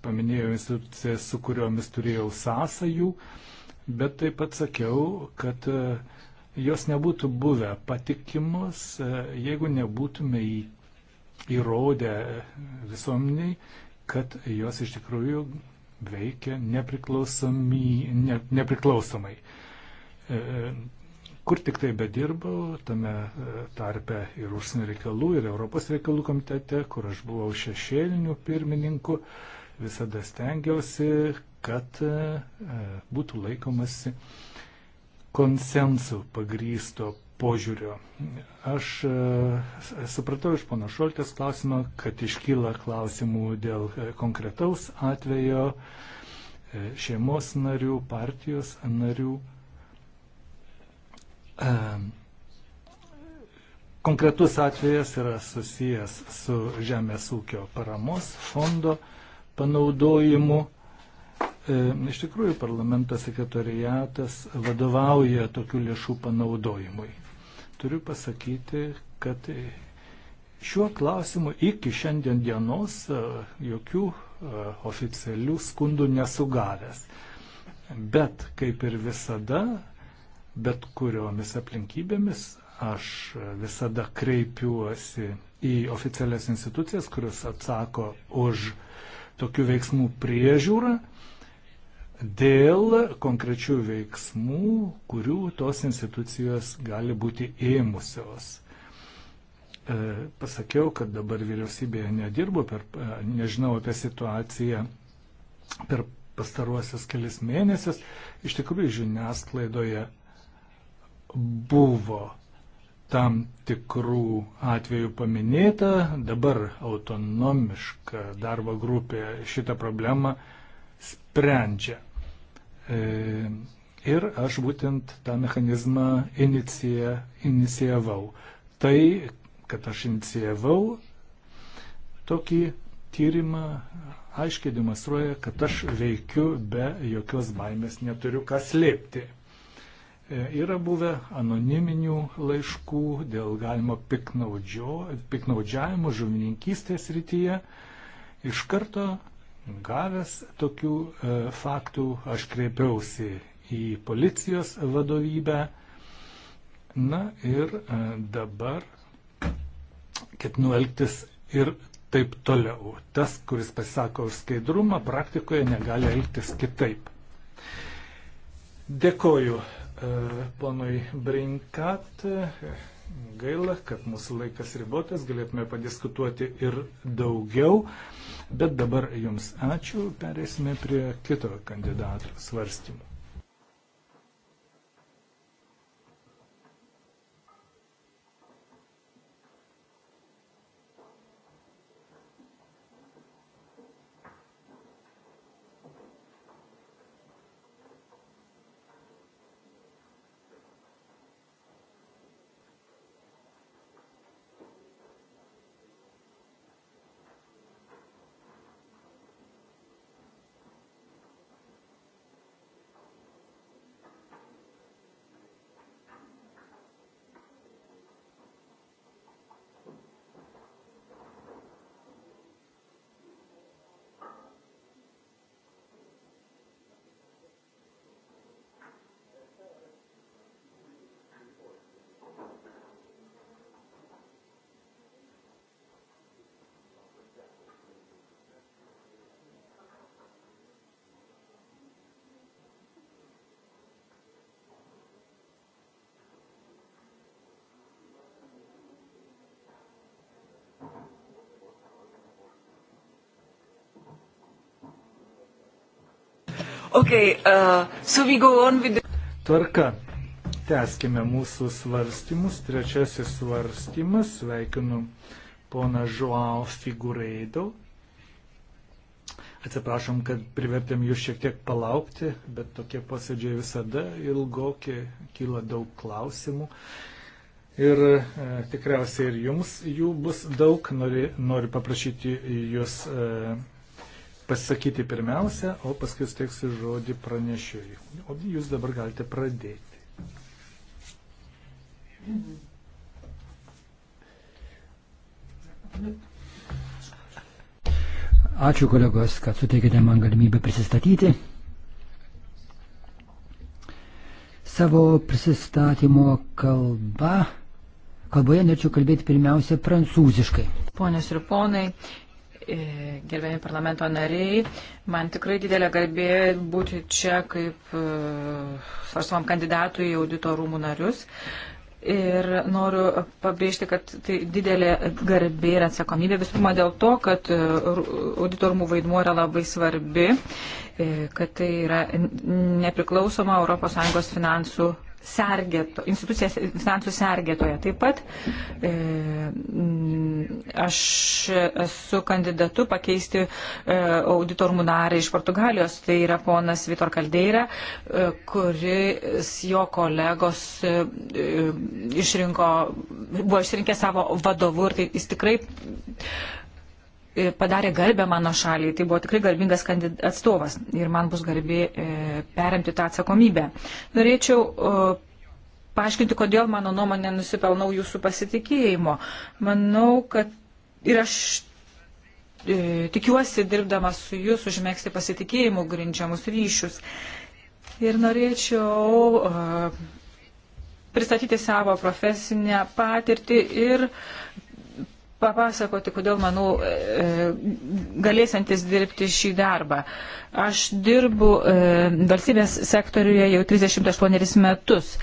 paminėjau institucijas, su kuriomis turėjau sąsajų, bet taip pat sakiau, kad jos nebūtų buvę patikimus, e, jeigu nebūtume įrodę e, visuomeniai, kad jos iš tikrųjų veikia ne, nepriklausomai. E, kur tik tai bedirbau, tame tarpe ir užsienio reikalų, ir Europos reikalų komitete, kur aš buvau šešėliniu pirmininku, visada stengiausi, kad būtų laikomasi uh, konsensų pagrysto požiūrio. Aš e, supratau iš pono Šoltės klausimą, kad iškyla klausimų dėl e, konkretaus atvejo e, šeimos narių, partijos narių. Konkretus atvejas yra susijęs su Žemės ūkio paramos fondo panaudojimu E, iš tikrųjų, parlamentas sekretariatas vadovauja tokių lėšų panaudojimui. Turiu pasakyti, kad šiuo klausimu iki šiandien dienos e, jokių e, oficialių skundų nesugavęs. Bet, kaip ir visada, bet kuriomis aplinkybėmis aš visada kreipiuosi į oficialias institucijas, kurios atsako už tokių veiksmų priežiūrą dėl konkrečių veiksmų, kurių tos institucijos gali būti ėmusios. E, pasakiau, kad dabar vyriausybėje nedirbu, per, e, nežinau apie situaciją per pastaruosius kelis mėnesius. Iš tikrųjų, žiniasklaidoje buvo tam tikrų atvejų paminėta, dabar autonomiška darbo grupė šitą problemą sprendžia. E, ir aš būtent tą mechanizmą inicija, inicijavau. Tai, kad aš inicijavau tokį tyrimą, aiškiai demonstruoja, kad aš veikiu be jokios baimės, neturiu ką slėpti. E, yra buvę anoniminių laiškų dėl galimo piknaudžiavimo žuvininkystės rytyje. Iš karto Gavęs tokių e, faktų, aš kreipiausi į policijos vadovybę. Na ir e, dabar ketinu elgtis ir taip toliau. Tas, kuris pasisako už skaidrumą, praktikoje negali elgtis kitaip. Dėkoju e, ponui Brinkat. Gaila, kad mūsų laikas ribotas, galėtume padiskutuoti ir daugiau. Bet dabar jums ačiū, perėsime prie kito kandidato svarstymų. Okay, uh, so with... Tvarka. Teskime mūsų svarstymus. Trečiasis svarstymas. Sveikinu pona Joao Figureido. Atsiprašom, kad privertėm jūs šiek tiek palaukti, bet tokie posėdžiai visada ilgokie, kyla daug klausimų. Ir e, tikriausiai ir jums jų bus daug. Nori, noriu paprašyti jūs. E, pasisakyti pirmiausia, o paskui steiksiu žodį pranešėjui. O jūs dabar galite pradėti. Ačiū kolegos, kad suteikėte man galimybę prisistatyti. Savo prisistatymo kalba, kalboje norėčiau kalbėti pirmiausia prancūziškai. Ponios ir ponai, E, gerbėjami parlamento nariai. Man tikrai didelė garbė būti čia kaip e, svarstomam kandidatui į audito rūmų narius. Ir noriu pabrėžti, kad tai didelė garbė ir atsakomybė visų pirma dėl to, kad e, auditorumų vaidmuo yra labai svarbi, kad tai yra nepriklausoma ES finansų sergėto, institucija finansų sergėtoje. Taip pat e, aš esu kandidatu pakeisti e, auditorų narį iš Portugalijos, tai yra ponas Vitor Kaldeira, e, kuris jo kolegos e, e išrinko, buvo išrinkę savo vadovu ir tai jis tikrai E, padarė garbę mano šaliai. Tai buvo tikrai garbingas atstovas ir man bus garbi e, perimti tą atsakomybę. Norėčiau e, paaiškinti, kodėl mano nuomonė nusipelnau jūsų pasitikėjimo. Manau, kad ir aš tikiuosi, dirbdamas su jūs, užmėgsti pasitikėjimų grindžiamus ryšius. Ir norėčiau pristatyti savo profesinę patirtį ir papasakoti, kodėl manau e, e, galėsantis dirbti šį darbą. Aš dirbu e, valstybės sektoriuje jau 38 metus.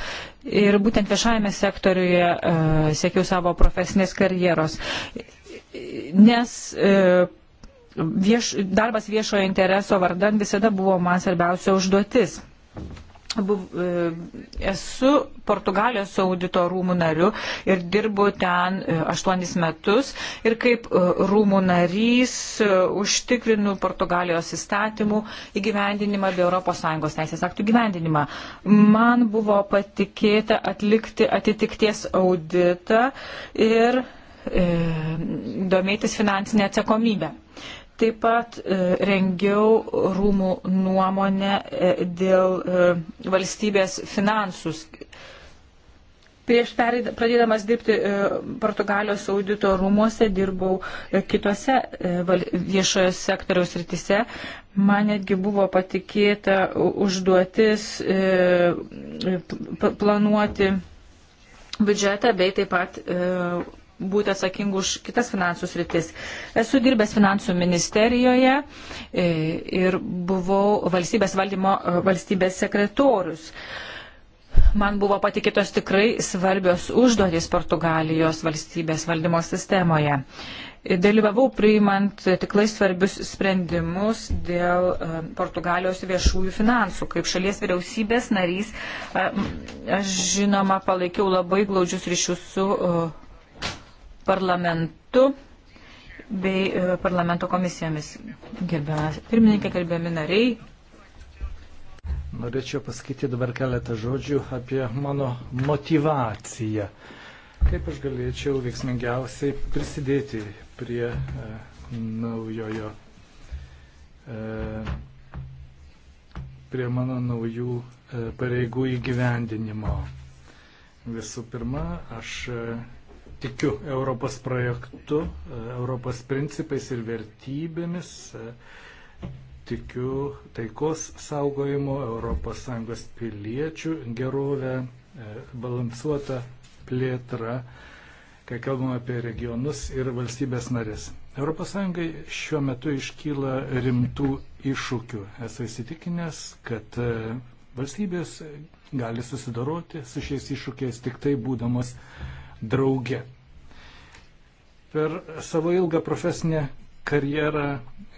Ir būtent viešajame sektoriuje siekiau savo profesinės karjeros. Nes vieš, darbas viešojo intereso vardan visada buvo man svarbiausia užduotis. Buv, e, esu Portugalijos audito rūmų nariu ir dirbu ten e, aštuonis metus ir kaip e, rūmų narys užtikrinu Portugalijos įstatymų įgyvendinimą bei ES teisės aktų įgyvendinimą. Man buvo patikėta atlikti atitikties auditą ir e, domėtis finansinę atsakomybę. Taip pat e, rengiau rūmų nuomonę e, dėl e, valstybės finansus. Prieš pradėdamas dirbti Portugalijos audito rūmose dirbau kitose viešojo sektoriaus rytise. Man netgi buvo patikėta užduotis planuoti biudžetą bei taip pat būti atsakingų už kitas finansų sritis. Esu dirbęs finansų ministerijoje e, ir buvau valstybės valdymo e, valstybės sekretorius. Man buvo patikėtos tikrai svarbios užduotys Portugalijos valstybės valdymo sistemoje. Dalyvavau priimant tikrai svarbius sprendimus dėl e, Portugalijos viešųjų finansų. Kaip šalies vyriausybės narys, aš žinoma palaikiau labai glaudžius ryšius su parlamentu bei e, parlamento komisijomis. Gerbiamas pirmininkė, gerbiami nariai. Norėčiau pasakyti dabar keletą žodžių apie mano motivaciją. Kaip aš galėčiau veiksmingiausiai prisidėti prie e, naujojo, e, prie mano naujų e, pareigų įgyvendinimo. Visų pirma, aš e, tikiu Europos projektu, Europos principais ir vertybėmis, tikiu taikos saugojimo, ES piliečių gerovę, balansuotą plėtrą, kai kalbam apie regionus ir valstybės narės. ES šiuo metu iškyla rimtų iššūkių. Esu įsitikinęs, kad e, valstybės gali susidoroti su šiais iššūkiais tik tai būdamas drauge. Per savo ilgą profesinę karjerą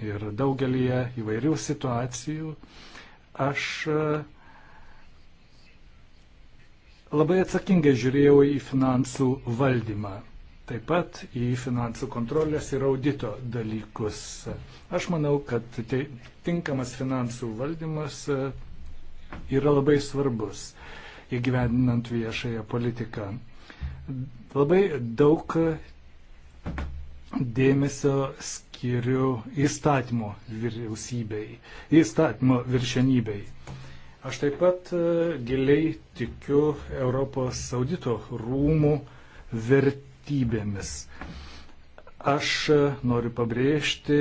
ir daugelį įvairių situacijų aš e, labai atsakingai žiūrėjau į finansų valdymą, taip pat į finansų kontrolės ir audito dalykus. Aš manau, kad tinkamas finansų valdymas e, yra labai svarbus įgyvendinant viešąją politiką. Labai daug dėmesio skiriu įstatymo vyriausybei, įstatymo viršenybei. Aš taip pat e, giliai tikiu Europos audito rūmų vertybėmis. Aš e, noriu pabrėžti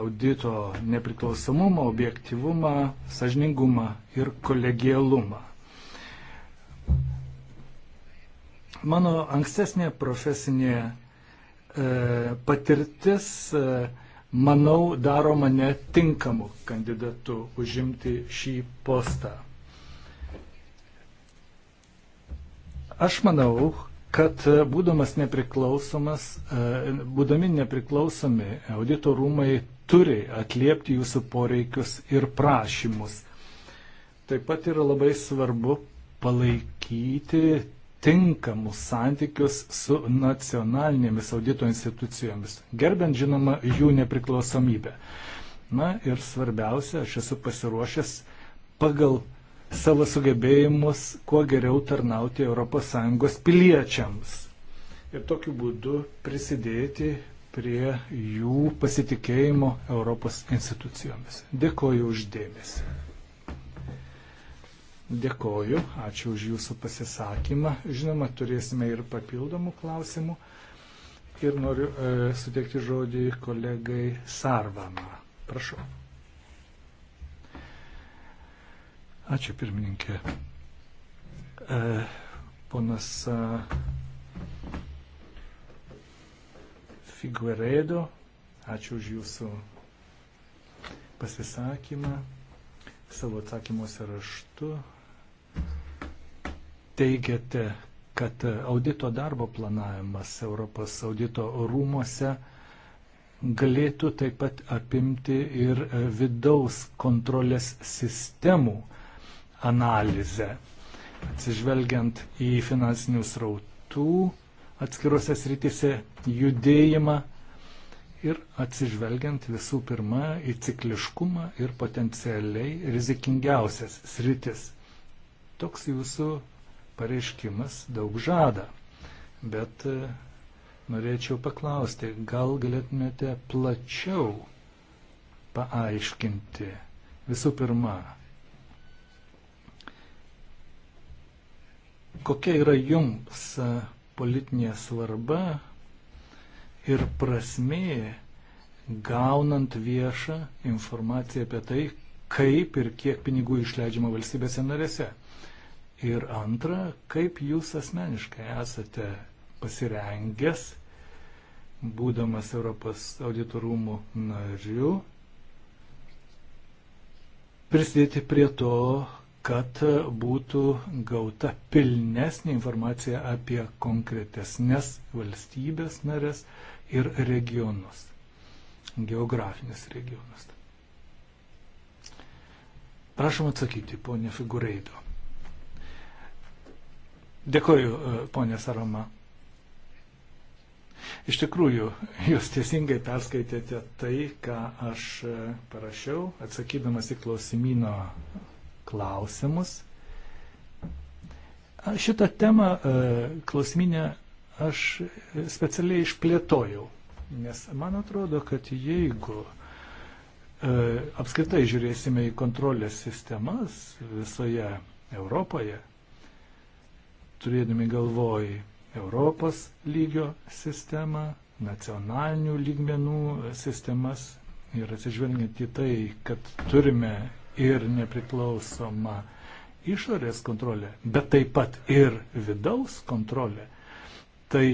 audito nepriklausomumą, objektivumą, sažningumą ir kolegialumą. Mano ankstesnė profesinė E, patirtis, e, manau, daro mane tinkamu kandidatu užimti šį postą. Aš manau, kad būdamas nepriklausomas, e, būdami nepriklausomi, audito rūmai turi atliepti jūsų poreikius ir prašymus. Taip pat yra labai svarbu palaikyti tinkamus santykius su nacionalinėmis audito institucijomis, gerbent žinoma jų nepriklausomybę. Na ir svarbiausia, aš esu pasiruošęs pagal savo sugebėjimus kuo geriau tarnauti ES piliečiams. Ir tokiu būdu prisidėti prie jų pasitikėjimo Europos institucijomis. Dėkoju uždėmesi. Dėkoju, ačiū už Jūsų pasisakymą. Žinoma, turėsime ir papildomų klausimų. Ir noriu e, suteikti žodį kolegai Sarvamą. Prašau. Ačiū, pirmininkė. E, ponas e, Figueredo, ačiū už Jūsų pasisakymą. Savo atsakymuose raštu teigiate, kad audito darbo planavimas Europos audito rūmose galėtų taip pat apimti ir vidaus kontrolės sistemų analizę, atsižvelgiant į finansinių srautų atskiruose srityse judėjimą ir atsižvelgiant visų pirma į cikliškumą ir potencialiai rizikingiausias sritis. Toks jūsų pareiškimas daug žada. Bet e, norėčiau paklausti, gal galėtumėte plačiau paaiškinti visų pirma, kokia yra jums e, politinė svarba ir prasmė gaunant viešą informaciją apie tai, kaip ir kiek pinigų išleidžiama valstybėse narėse. Ir antra, kaip jūs asmeniškai esate pasirengęs, būdamas Europos auditorumų nariu, prisidėti prie to, kad būtų gauta pilnesnė informacija apie konkretesnės valstybės narės ir regionus, geografinius regionus. Prašom atsakyti, ponė Figureido. Dėkuoju, e, ponė Saroma. Iš tikrųjų, jūs teisingai perskaitėte tai, ką aš e, parašiau, atsakydamas į klausimino klausimus. Šitą temą e, klausiminę aš specialiai išplėtojau, nes man atrodo, kad jeigu apskritai žiūrėsime į kontrolės sistemas visoje Europoje, turėdami galvoj Europos lygio sistemą, nacionalinių lygmenų sistemas ir atsižvelgiant į tai, kad turime ir nepriklausomą išorės kontrolę, bet taip pat ir vidaus kontrolę, tai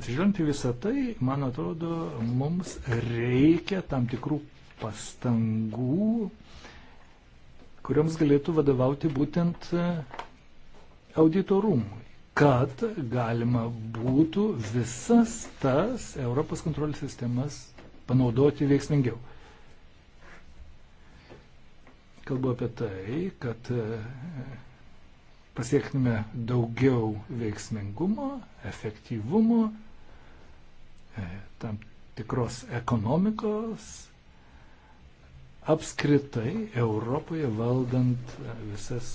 atsižvelgiant į visą tai, man atrodo, mums reikia tam tikrų pastangų, kurioms galėtų vadovauti būtent auditorumui, kad galima būtų visas tas Europos kontrolės sistemas panaudoti veiksmingiau. Kalbu apie tai, kad e, pasiektume daugiau veiksmingumo, efektyvumo, e, tam tikros ekonomikos, apskritai Europoje valdant e, visas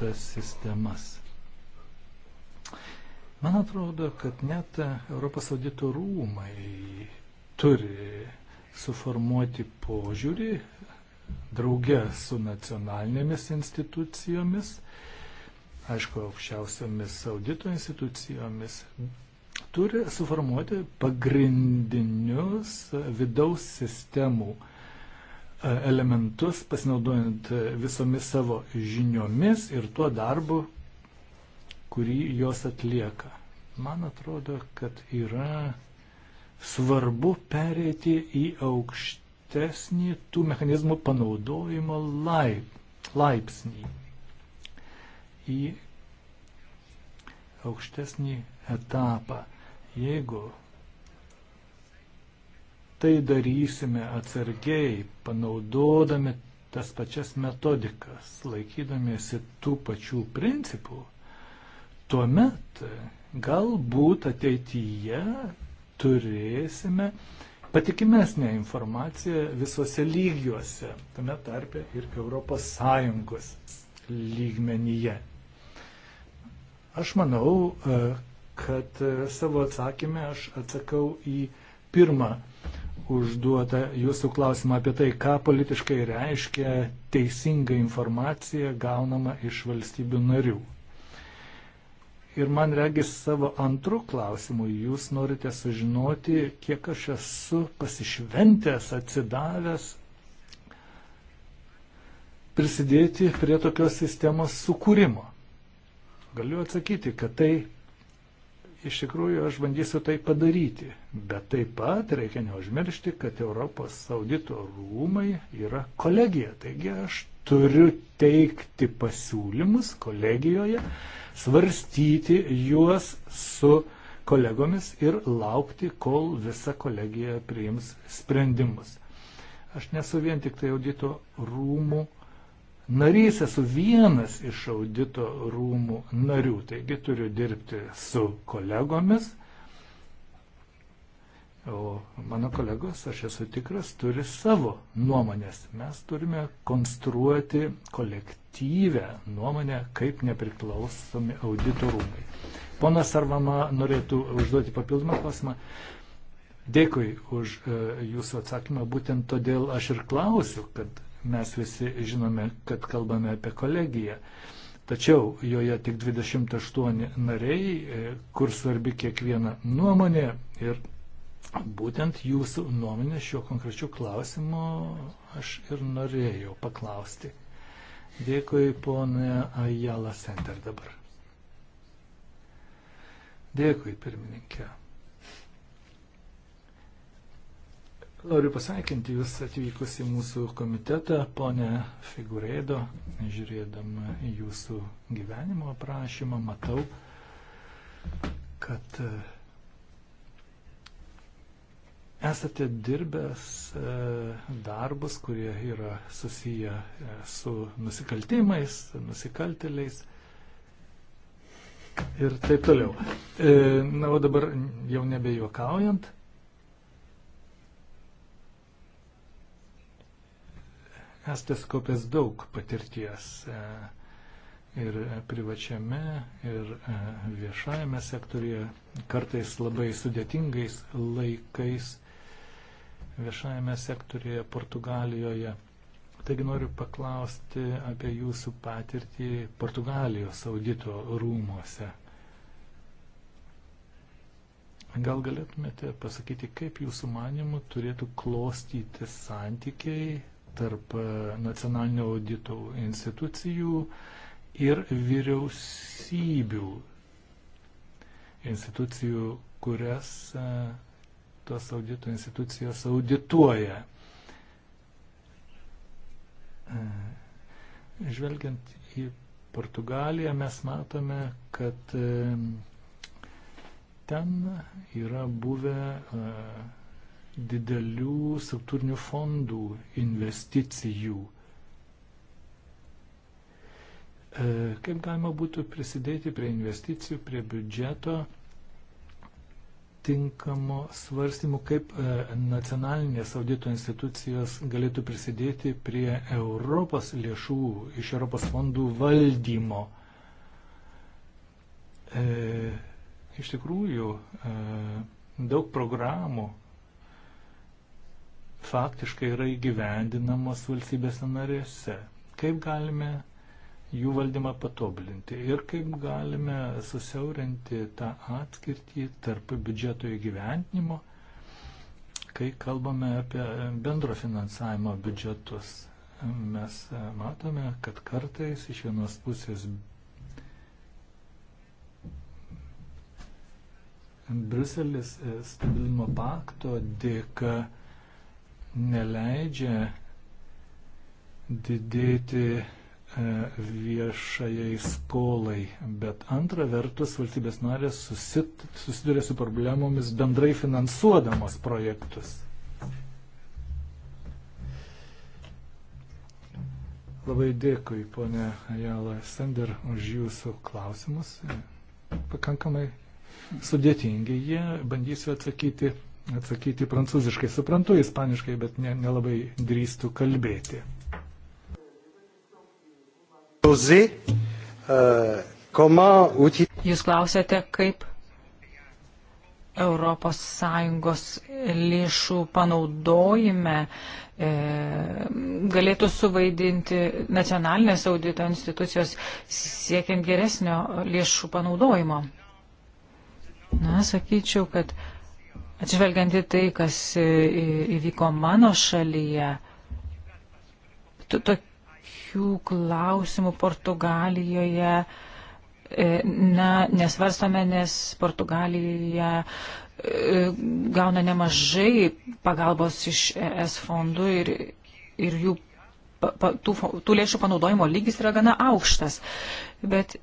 tas sistemas. Man atrodo, kad net Europos audito rūmai turi suformuoti požiūrį drauge su nacionalinėmis institucijomis, aišku, aukščiausiomis audito institucijomis, turi suformuoti pagrindinius vidaus sistemų E, elementus, pasinaudojant e, visomis savo žiniomis ir tuo darbu, kurį jos atlieka. Man atrodo, kad yra svarbu perėti į aukštesnį tų mechanizmų panaudojimo laip, laipsnį, į aukštesnį etapą. Jeigu Tai darysime atsargiai, panaudodami tas pačias metodikas, laikydamiesi tų pačių principų. Tuomet galbūt ateityje turėsime patikimesnę informaciją visose lygiuose, tame tarpe ir ES lygmenyje. Aš manau, e, kad e, savo atsakymę aš atsakau į pirmą užduotą jūsų klausimą apie tai, ką politiškai reiškia teisinga informacija gaunama iš valstybių narių. Ir man regis savo antrų klausimų jūs norite sužinoti, kiek aš esu pasišventęs, atsidavęs prisidėti prie tokios sistemos sukūrimo. Galiu atsakyti, kad tai iš tikrųjų aš bandysiu tai padaryti. Bet taip pat reikia neužmiršti, kad Europos audito rūmai yra kolegija. Taigi aš turiu teikti pasiūlymus kolegijoje, svarstyti juos su kolegomis ir laukti, kol visa kolegija priims sprendimus. Aš nesu vien tik tai audito rūmų narys esu vienas iš audito rūmų narių, taigi turiu dirbti su kolegomis. O mano kolegos, aš esu tikras, turi savo nuomonės. Mes turime konstruoti kolektyvę nuomonę, kaip nepriklausomi auditorumai. Ponas Arvama norėtų užduoti papildomą klausimą. Dėkui už e, jūsų atsakymą. Būtent todėl aš ir klausiu, kad Mes visi žinome, kad kalbame apie kolegiją. Tačiau joje tik 28 nariai, e, kur svarbi kiekviena nuomonė ir būtent jūsų nuomonė šiuo konkrečiu klausimu aš ir norėjau paklausti. Dėkui, ponė Ajala Center dabar. Dėkui, pirmininkė. Noriu pasveikinti Jūs atvykus į mūsų komitetą, ponė Figurėdo, žiūrėdama Jūsų gyvenimo aprašymą, matau, kad e, esate dirbęs e, darbus, kurie yra susiję e, su nusikaltimais, nusikaltėliais ir taip toliau. Na, o dabar jau nebejuokaujant esate skopęs daug patirties e, ir privačiame, ir e, viešajame sektorija, kartais labai sudėtingais laikais viešajame sektorija Portugalijoje. Taigi noriu paklausti apie jūsų patirtį Portugalijos audito rūmose. Gal galėtumėte pasakyti, kaip jūsų manimų turėtų klostyti santykiai tarp e, nacionalinio audito institucijų ir vyriausybių institucijų, kurias e, tos audito institucijos audituoja. E, žvelgiant į Portugaliją mes matome, kad ten yra buvę uh, didelių struktūrinių fondų investicijų. E, kaip galima būtų prisidėti prie investicijų, prie biudžeto tinkamo svarstymu, kaip e, nacionalinės audito institucijos galėtų prisidėti prie Europos lėšų iš Europos fondų valdymo. E, iš tikrųjų, e, daug programų faktiškai yra įgyvendinamos valstybėse narėse. Kaip galime jų valdymą patobulinti ir kaip galime susiaurinti tą atskirtį tarp biudžeto įgyvendinimo, kai kalbame apie bendro finansavimo biudžetus. Mes matome, kad kartais iš vienos pusės Bruselis e, stabilumo pakto dėka neleidžia didėti e, viešajai skolai, bet antra vertus valstybės narės susit, susiduria su problemomis bendrai finansuodamos projektus. Labai dėkui, ponė Ajala Sender, už jūsų klausimus. Pakankamai sudėtingi jie, bandysiu atsakyti atsakyti prancūziškai. Suprantu ispaniškai, bet ne, nelabai drįstu kalbėti. Uh, Jūs klausėte, kaip ES lėšų panaudojime e, galėtų suvaidinti nacionalinės audito institucijos siekiant geresnio lėšų panaudojimo. Na, sakyčiau, kad e, Atsižvelgiant į tai, kas e, įvyko mano šalyje, tokių klausimų Portugalijoje, e, na, nesvarstome, nes Portugalija e, gauna nemažai pagalbos iš ES fondų ir, ir jų, tų, tų lėšų panaudojimo lygis yra gana aukštas. Bet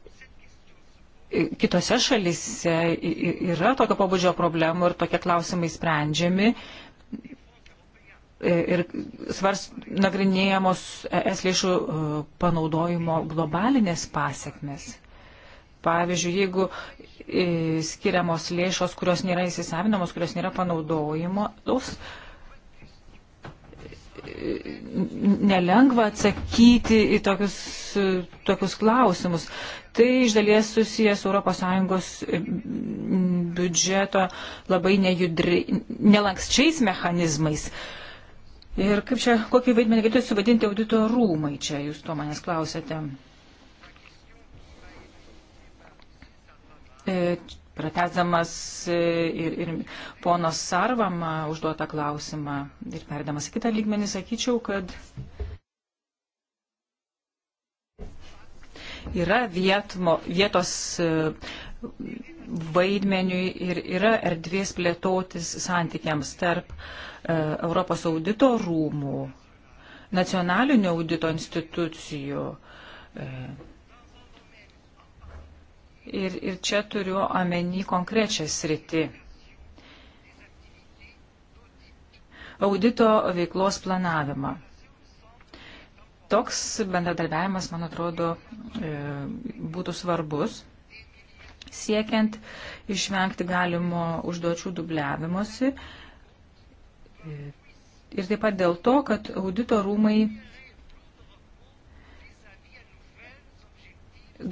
kitose šalise yra tokio pabudžio problemų ir tokie klausimai sprendžiami ir svars nagrinėjamos es lėšų e, panaudojimo globalinės pasiekmes. Pavyzdžiui, jeigu e, skiriamos lėšos, kurios nėra įsisavinamos, kurios nėra panaudojamos, nelengva atsakyti į tokius, tokius klausimus. Tai iš dalies susijęs ES biudžeto labai nejudri, nelankščiais mechanizmais. Ir kaip čia, kokį vaidmenį galėtų suvadinti audito rūmai čia, jūs to manęs klausėte. E, pratesdamas e, ir, ir ponos Sarvamą užduotą klausimą ir perdamas į kitą lygmenį, sakyčiau, kad yra vietmo, vietos e, vaidmeniui ir yra erdvės plėtotis santykiams tarp e, Europos audito rūmų, nacionalinio audito institucijų Ir, ir čia turiu omeny konkrečią sritį. Audito veiklos planavimą. Toks bendradarbiavimas, man atrodo, e, būtų svarbus, siekiant išvengti galimo užduočių dubliavimuose. E, ir taip pat dėl to, kad audito rūmai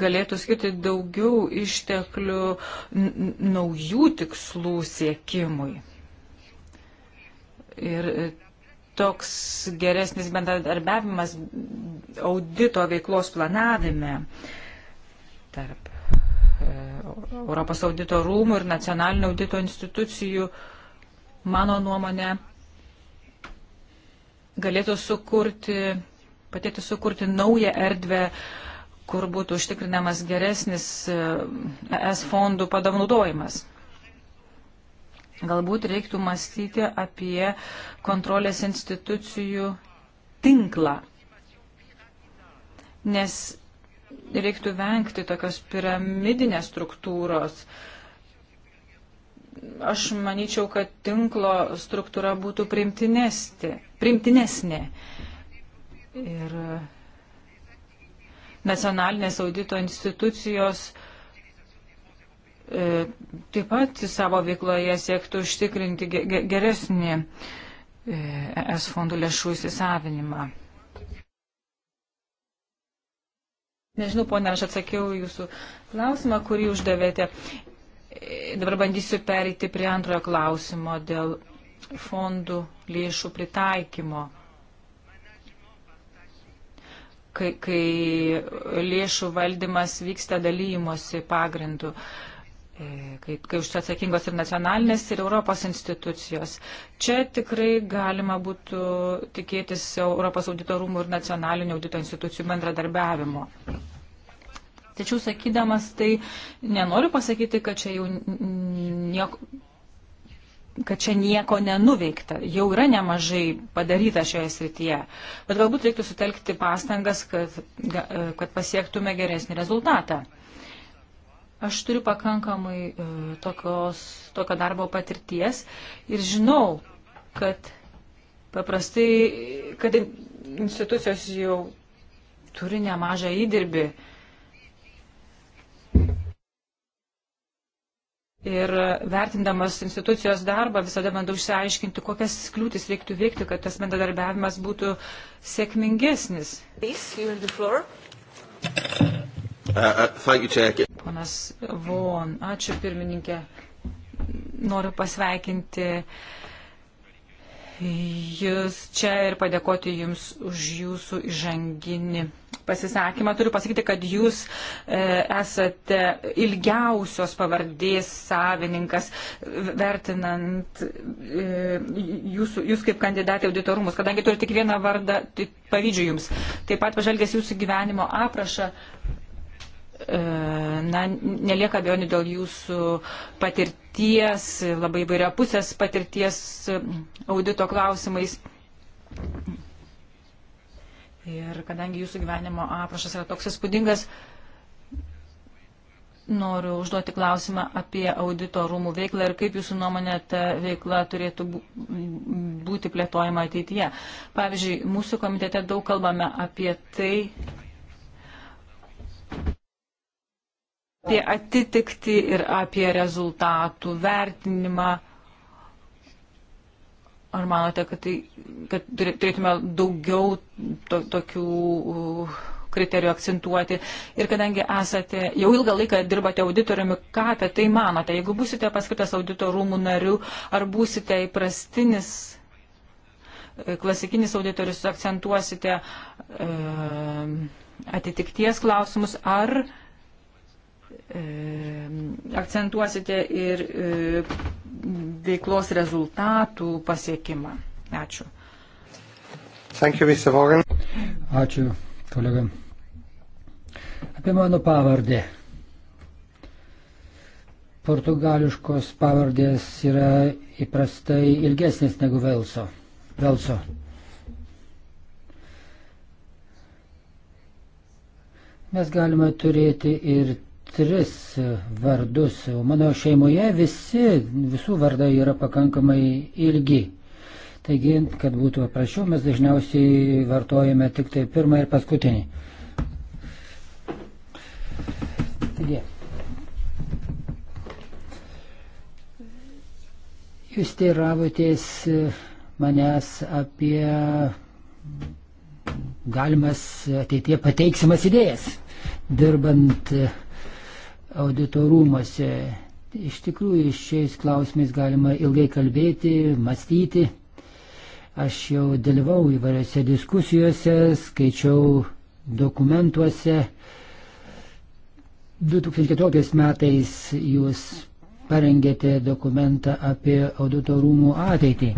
galėtų skirti daugiau išteklių naujų tikslų siekimui. Ir e, toks geresnis bendradarbiavimas audito veiklos planavime tarp e, Europos audito rūmų ir nacionalinio audito institucijų, mano nuomonė, galėtų sukurti, patėti sukurti naują erdvę uh, kur būtų užtikrinamas geresnis e, ES fondų padavnaudojimas. Galbūt reiktų mąstyti apie kontrolės institucijų tinklą, nes reiktų vengti tokios piramidinės struktūros. Aš manyčiau, kad tinklo struktūra būtų primtinesnė. primtinesnė. Ir nacionalinės audito institucijos e, taip pat savo veikloje siektų užtikrinti geresnį e, ES fondų lėšų įsisavinimą. Nežinau, ponia, aš atsakiau jūsų klausimą, kurį uždavėte. E, dabar bandysiu perėti prie antrojo klausimo dėl fondų lėšų pritaikymo kai, kai lėšų valdymas vyksta dalymosi pagrindu, e, kai, kai už tai atsakingos ir nacionalinės, ir Europos institucijos. Čia tikrai galima būtų tikėtis Europos auditorumų ir nacionalinių audito institucijų bendradarbiavimo. Tačiau sakydamas tai nenoriu pasakyti, kad čia jau nieko, kad čia nieko nenuveikta. Jau yra nemažai padaryta šioje srityje. Bet galbūt reiktų sutelkti pastangas, kad, e, kad pasiektume geresnį rezultatą. Aš turiu pakankamai e, tokios, tokio darbo patirties ir žinau, kad paprastai, kad institucijos jau turi nemažą įdirbį Ir vertindamas institucijos darbą visada bandau išsiaiškinti, kokias kliūtis reiktų veikti, kad tas bendradarbiavimas būtų sėkmingesnis. Uh, uh, Ponas Von, ačiū pirmininkė. Noriu pasveikinti Jūs čia ir padėkoti Jums už Jūsų įžanginį pasisakymą, turiu pasakyti, kad jūs e, esate ilgiausios pavardės savininkas, vertinant e, jūsų, jūs kaip kandidatė auditorumus, kadangi turite tik vieną vardą, tai pavyzdžių jums. Taip pat pažvelgęs jūsų gyvenimo aprašą, e, na, nelieka abejonių dėl jūsų patirties, labai įvairia pusės patirties e, audito klausimais. Ir kadangi jūsų gyvenimo aprašas yra toks įspūdingas, noriu užduoti klausimą apie audito rūmų veiklą ir kaip jūsų nuomonė ta veikla turėtų būti plėtojama ateityje. Pavyzdžiui, mūsų komitete daug kalbame apie tai, apie atitikti ir apie rezultatų vertinimą. Ar manote, kad, tai, kad turėtume daugiau to, tokių uh, kriterijų akcentuoti? Ir kadangi esate, jau ilgą laiką dirbate auditoriumi, ką apie tai manote? Jeigu būsite paskirtas auditorumų nariu, ar būsite įprastinis uh, klasikinis auditorius akcentuosite e, atitikties klausimus, ar E, akcentuosite ir e, veiklos rezultatų pasiekimą. Ačiū. Thank you, Mr. Vaughan. Ačiū, kolega. Apie mano pavardę. Portugališkos pavardės yra įprastai ilgesnės negu Velso. Velso. Mes galime turėti ir tris vardus. Mano šeimoje visi, visų vardai yra pakankamai ilgi. Taigi, kad būtų paprasčiau, mes dažniausiai vartojame tik tai pirmą ir paskutinį. Taigi. Jūs teiravotės manęs apie galimas ateitie pateiksimas idėjas, dirbant auditorumuose. Iš tikrųjų, šiais klausimais galima ilgai kalbėti, mąstyti. Aš jau dalyvau įvairiose diskusijose, skaičiau dokumentuose. 2014 metais jūs parengėte dokumentą apie auditorumų ateitį.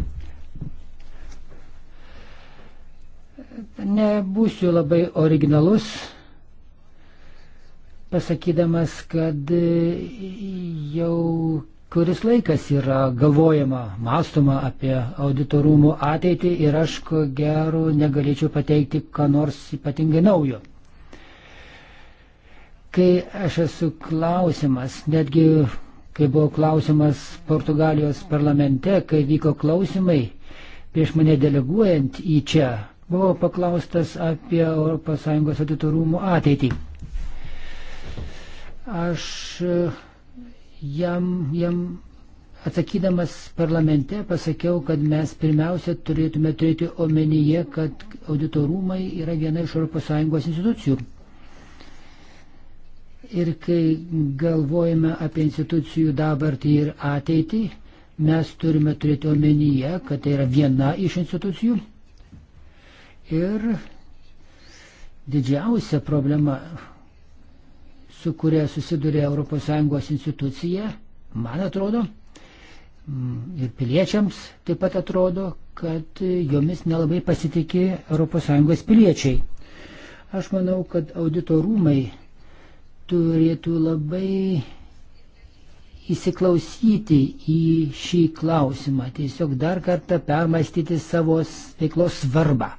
Nebūsiu labai originalus, pasakydamas, kad e, jau kuris laikas yra galvojama, mąstoma apie auditorumų ateitį ir aš ko gero negalėčiau pateikti ką nors ypatingai naujo. Kai aš esu klausimas, netgi kai buvo klausimas Portugalijos parlamente, kai vyko klausimai, prieš mane deleguojant į čia, buvau paklaustas apie ES auditorumų ateitį. Aš e, jam, jam atsakydamas parlamente pasakiau, kad mes pirmiausia turėtume turėti omenyje, kad auditorumai yra viena iš ES institucijų. Ir kai galvojame apie institucijų dabartį ir ateitį, mes turime turėti omenyje, kad tai yra viena iš institucijų. Ir didžiausia problema su kuria susiduria ES institucija, man atrodo, mm, ir piliečiams taip pat atrodo, kad jomis nelabai pasitikė ES piliečiai. Aš manau, kad audito rūmai turėtų labai įsiklausyti į šį klausimą, tiesiog dar kartą permastyti savo veiklos svarbą.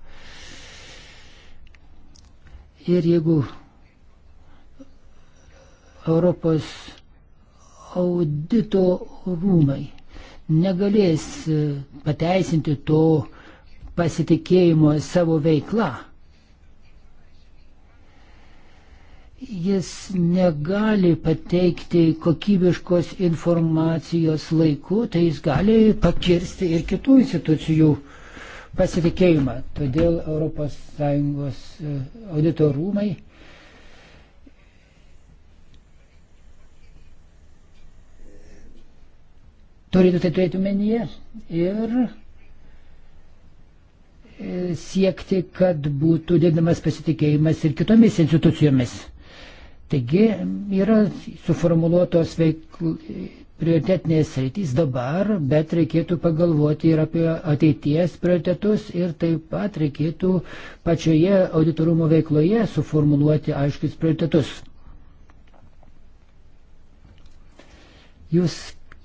Ir jeigu Europos audito rūmai negalės e, pateisinti to pasitikėjimo savo veikla. Jis negali pateikti kokybiškos informacijos laiku, tai jis gali pakirsti ir kitų institucijų pasitikėjimą. Todėl ES e, audito rūmai turėtų tai turėti menyje ir e, siekti, kad būtų didinamas pasitikėjimas ir kitomis institucijomis. Taigi yra suformuoluotos veikl... prioritetinės sritys dabar, bet reikėtų pagalvoti ir apie ateities prioritetus ir taip pat reikėtų pačioje auditorumo veikloje suformuoluoti aiškius prioritetus. Jūs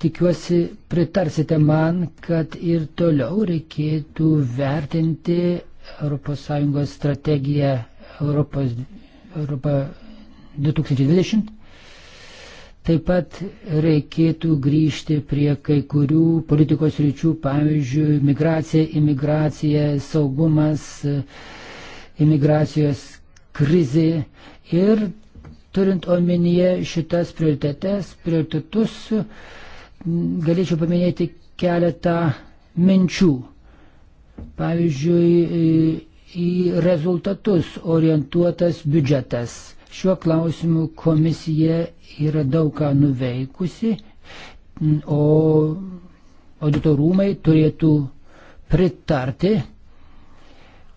Tikiuosi pritarsite man, kad ir toliau reikėtų vertinti ES strategiją Europos, Europa 2020. Taip pat reikėtų grįžti prie kai kurių politikos ryčių, pavyzdžiui, migracija, imigracija, saugumas, imigracijos krizė ir turint omenyje šitas prioritetes, prioritetus, prioritetus galėčiau paminėti keletą minčių. Pavyzdžiui, į rezultatus orientuotas biudžetas. Šiuo klausimu komisija yra daug ką nuveikusi, o auditorumai turėtų pritarti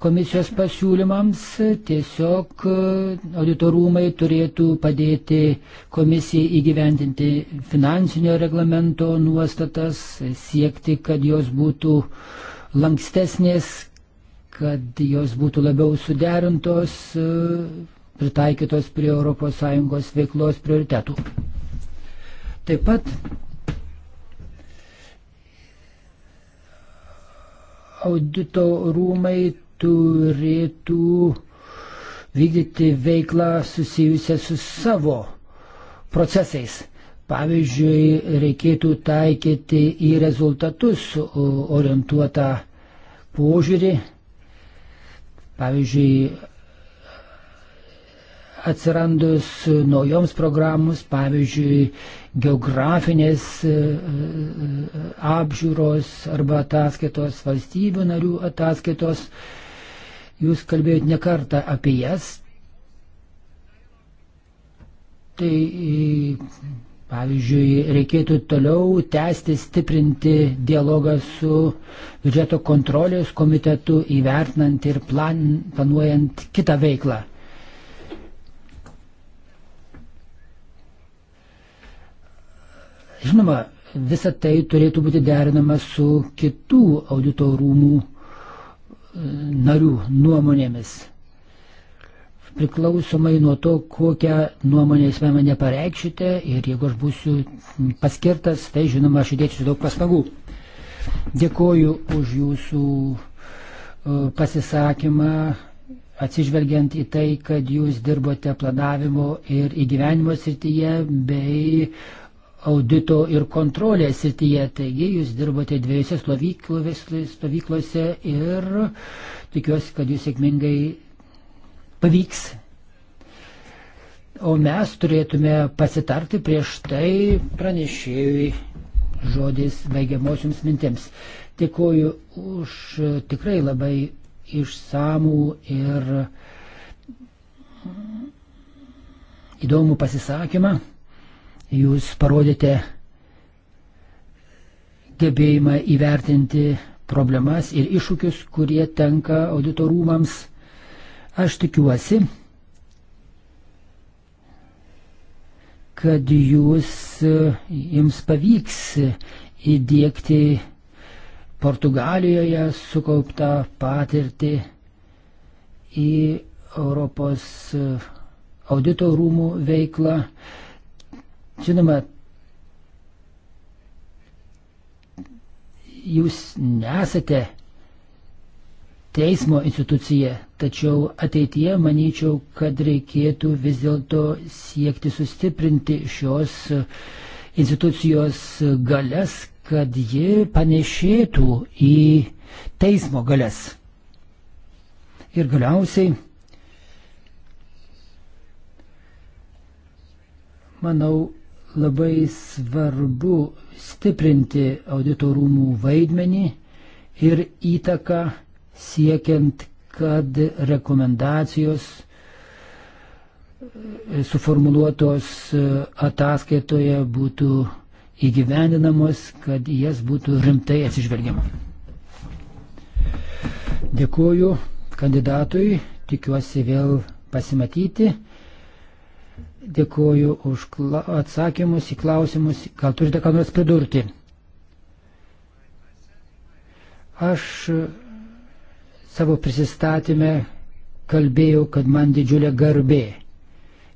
komisijos pasiūlymams, tiesiog e, auditorumai turėtų padėti komisijai įgyvendinti finansinio reglamento nuostatas, siekti, kad jos būtų lankstesnės, kad jos būtų labiau suderintos, e, pritaikytos prie ES veiklos prioritetų. Taip pat audito rūmai turėtų vykdyti veiklą susijusią su savo procesais. Pavyzdžiui, reikėtų taikyti į rezultatus orientuotą požiūrį. Pavyzdžiui, atsirandus naujoms programus, pavyzdžiui, geografinės e, e, e, apžiūros arba ataskaitos, valstybių narių ataskaitos, Jūs kalbėjote ne kartą apie jas. Tai e, Pavyzdžiui, reikėtų toliau tęsti, stiprinti dialogą su biudžeto kontrolės komitetu, įvertinant ir plan, planuojant kitą veiklą. Žinoma, visa tai turėtų būti derinama su kitų audito rūmų narių nuomonėmis. Priklausomai nuo to, kokią nuomonę jūs mane pareikšite ir jeigu aš būsiu paskirtas, tai žinoma, aš įdėsiu daug pastangų. Dėkoju už jūsų e, pasisakymą, atsižvelgiant į tai, kad jūs dirbote planavimo ir įgyvenimo srityje bei uh, audito ir kontrolės srityje. Taigi jūs dirbote dviejose stovyklose ir tikiuosi, kad jūs sėkmingai pavyks. O mes turėtume pasitarti prieš tai pranešėjui žodis baigiamosioms mintims. Dėkoju už tikrai labai išsamų ir įdomų pasisakymą. Jūs parodėte gebėjimą įvertinti problemas ir iššūkius, kurie tenka auditorumams. Aš tikiuosi, kad jūs, e, jums pavyks įdėkti Portugalijoje sukauptą patirtį į Europos e, audito rūmų veiklą. Žinoma, jūs nesate teismo institucija, tačiau ateityje manyčiau, kad reikėtų vis dėlto siekti sustiprinti šios institucijos galės, kad ji panešėtų į teismo galės. Ir galiausiai, manau, labai svarbu stiprinti auditorumų vaidmenį ir įtaką siekiant, kad rekomendacijos e, suformuluotos e, ataskaitoje būtų įgyvendinamos, kad jas būtų rimtai atsižvelgiama. Dėkuoju kandidatui, tikiuosi vėl pasimatyti. Dėkuoju už atsakymus į klausimus. Gal turite ką nors pridurti? Aš e, savo prisistatymę kalbėjau, kad man didžiulė garbė.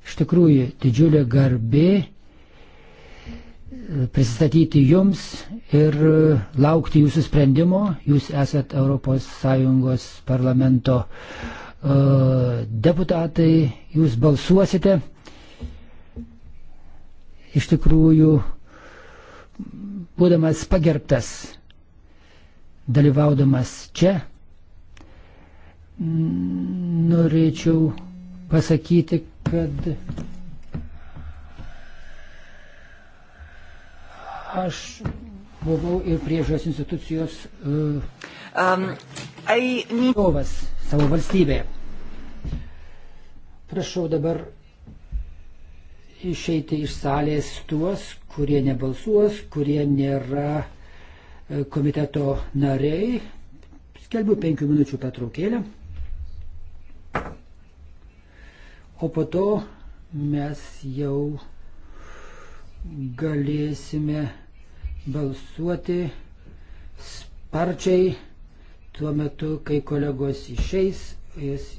Iš tikrųjų, didžiulė garbė e, prisistatyti jums ir e, laukti jūsų sprendimo. Jūs esat ES parlamento uh, deputatai, jūs balsuosite iš tikrųjų būdamas pagerbtas, dalyvaudamas čia, norėčiau pasakyti, kad aš buvau ir priežos institucijos uh, um, I... savo valstybėje. Prašau dabar išeiti iš salės tuos, kurie nebalsuos, kurie nėra e, komiteto nariai. Skelbiu penkių minučių petraukėlę. O po to mes jau galėsime balsuoti sparčiai tuo metu, kai kolegos išeis. Jis...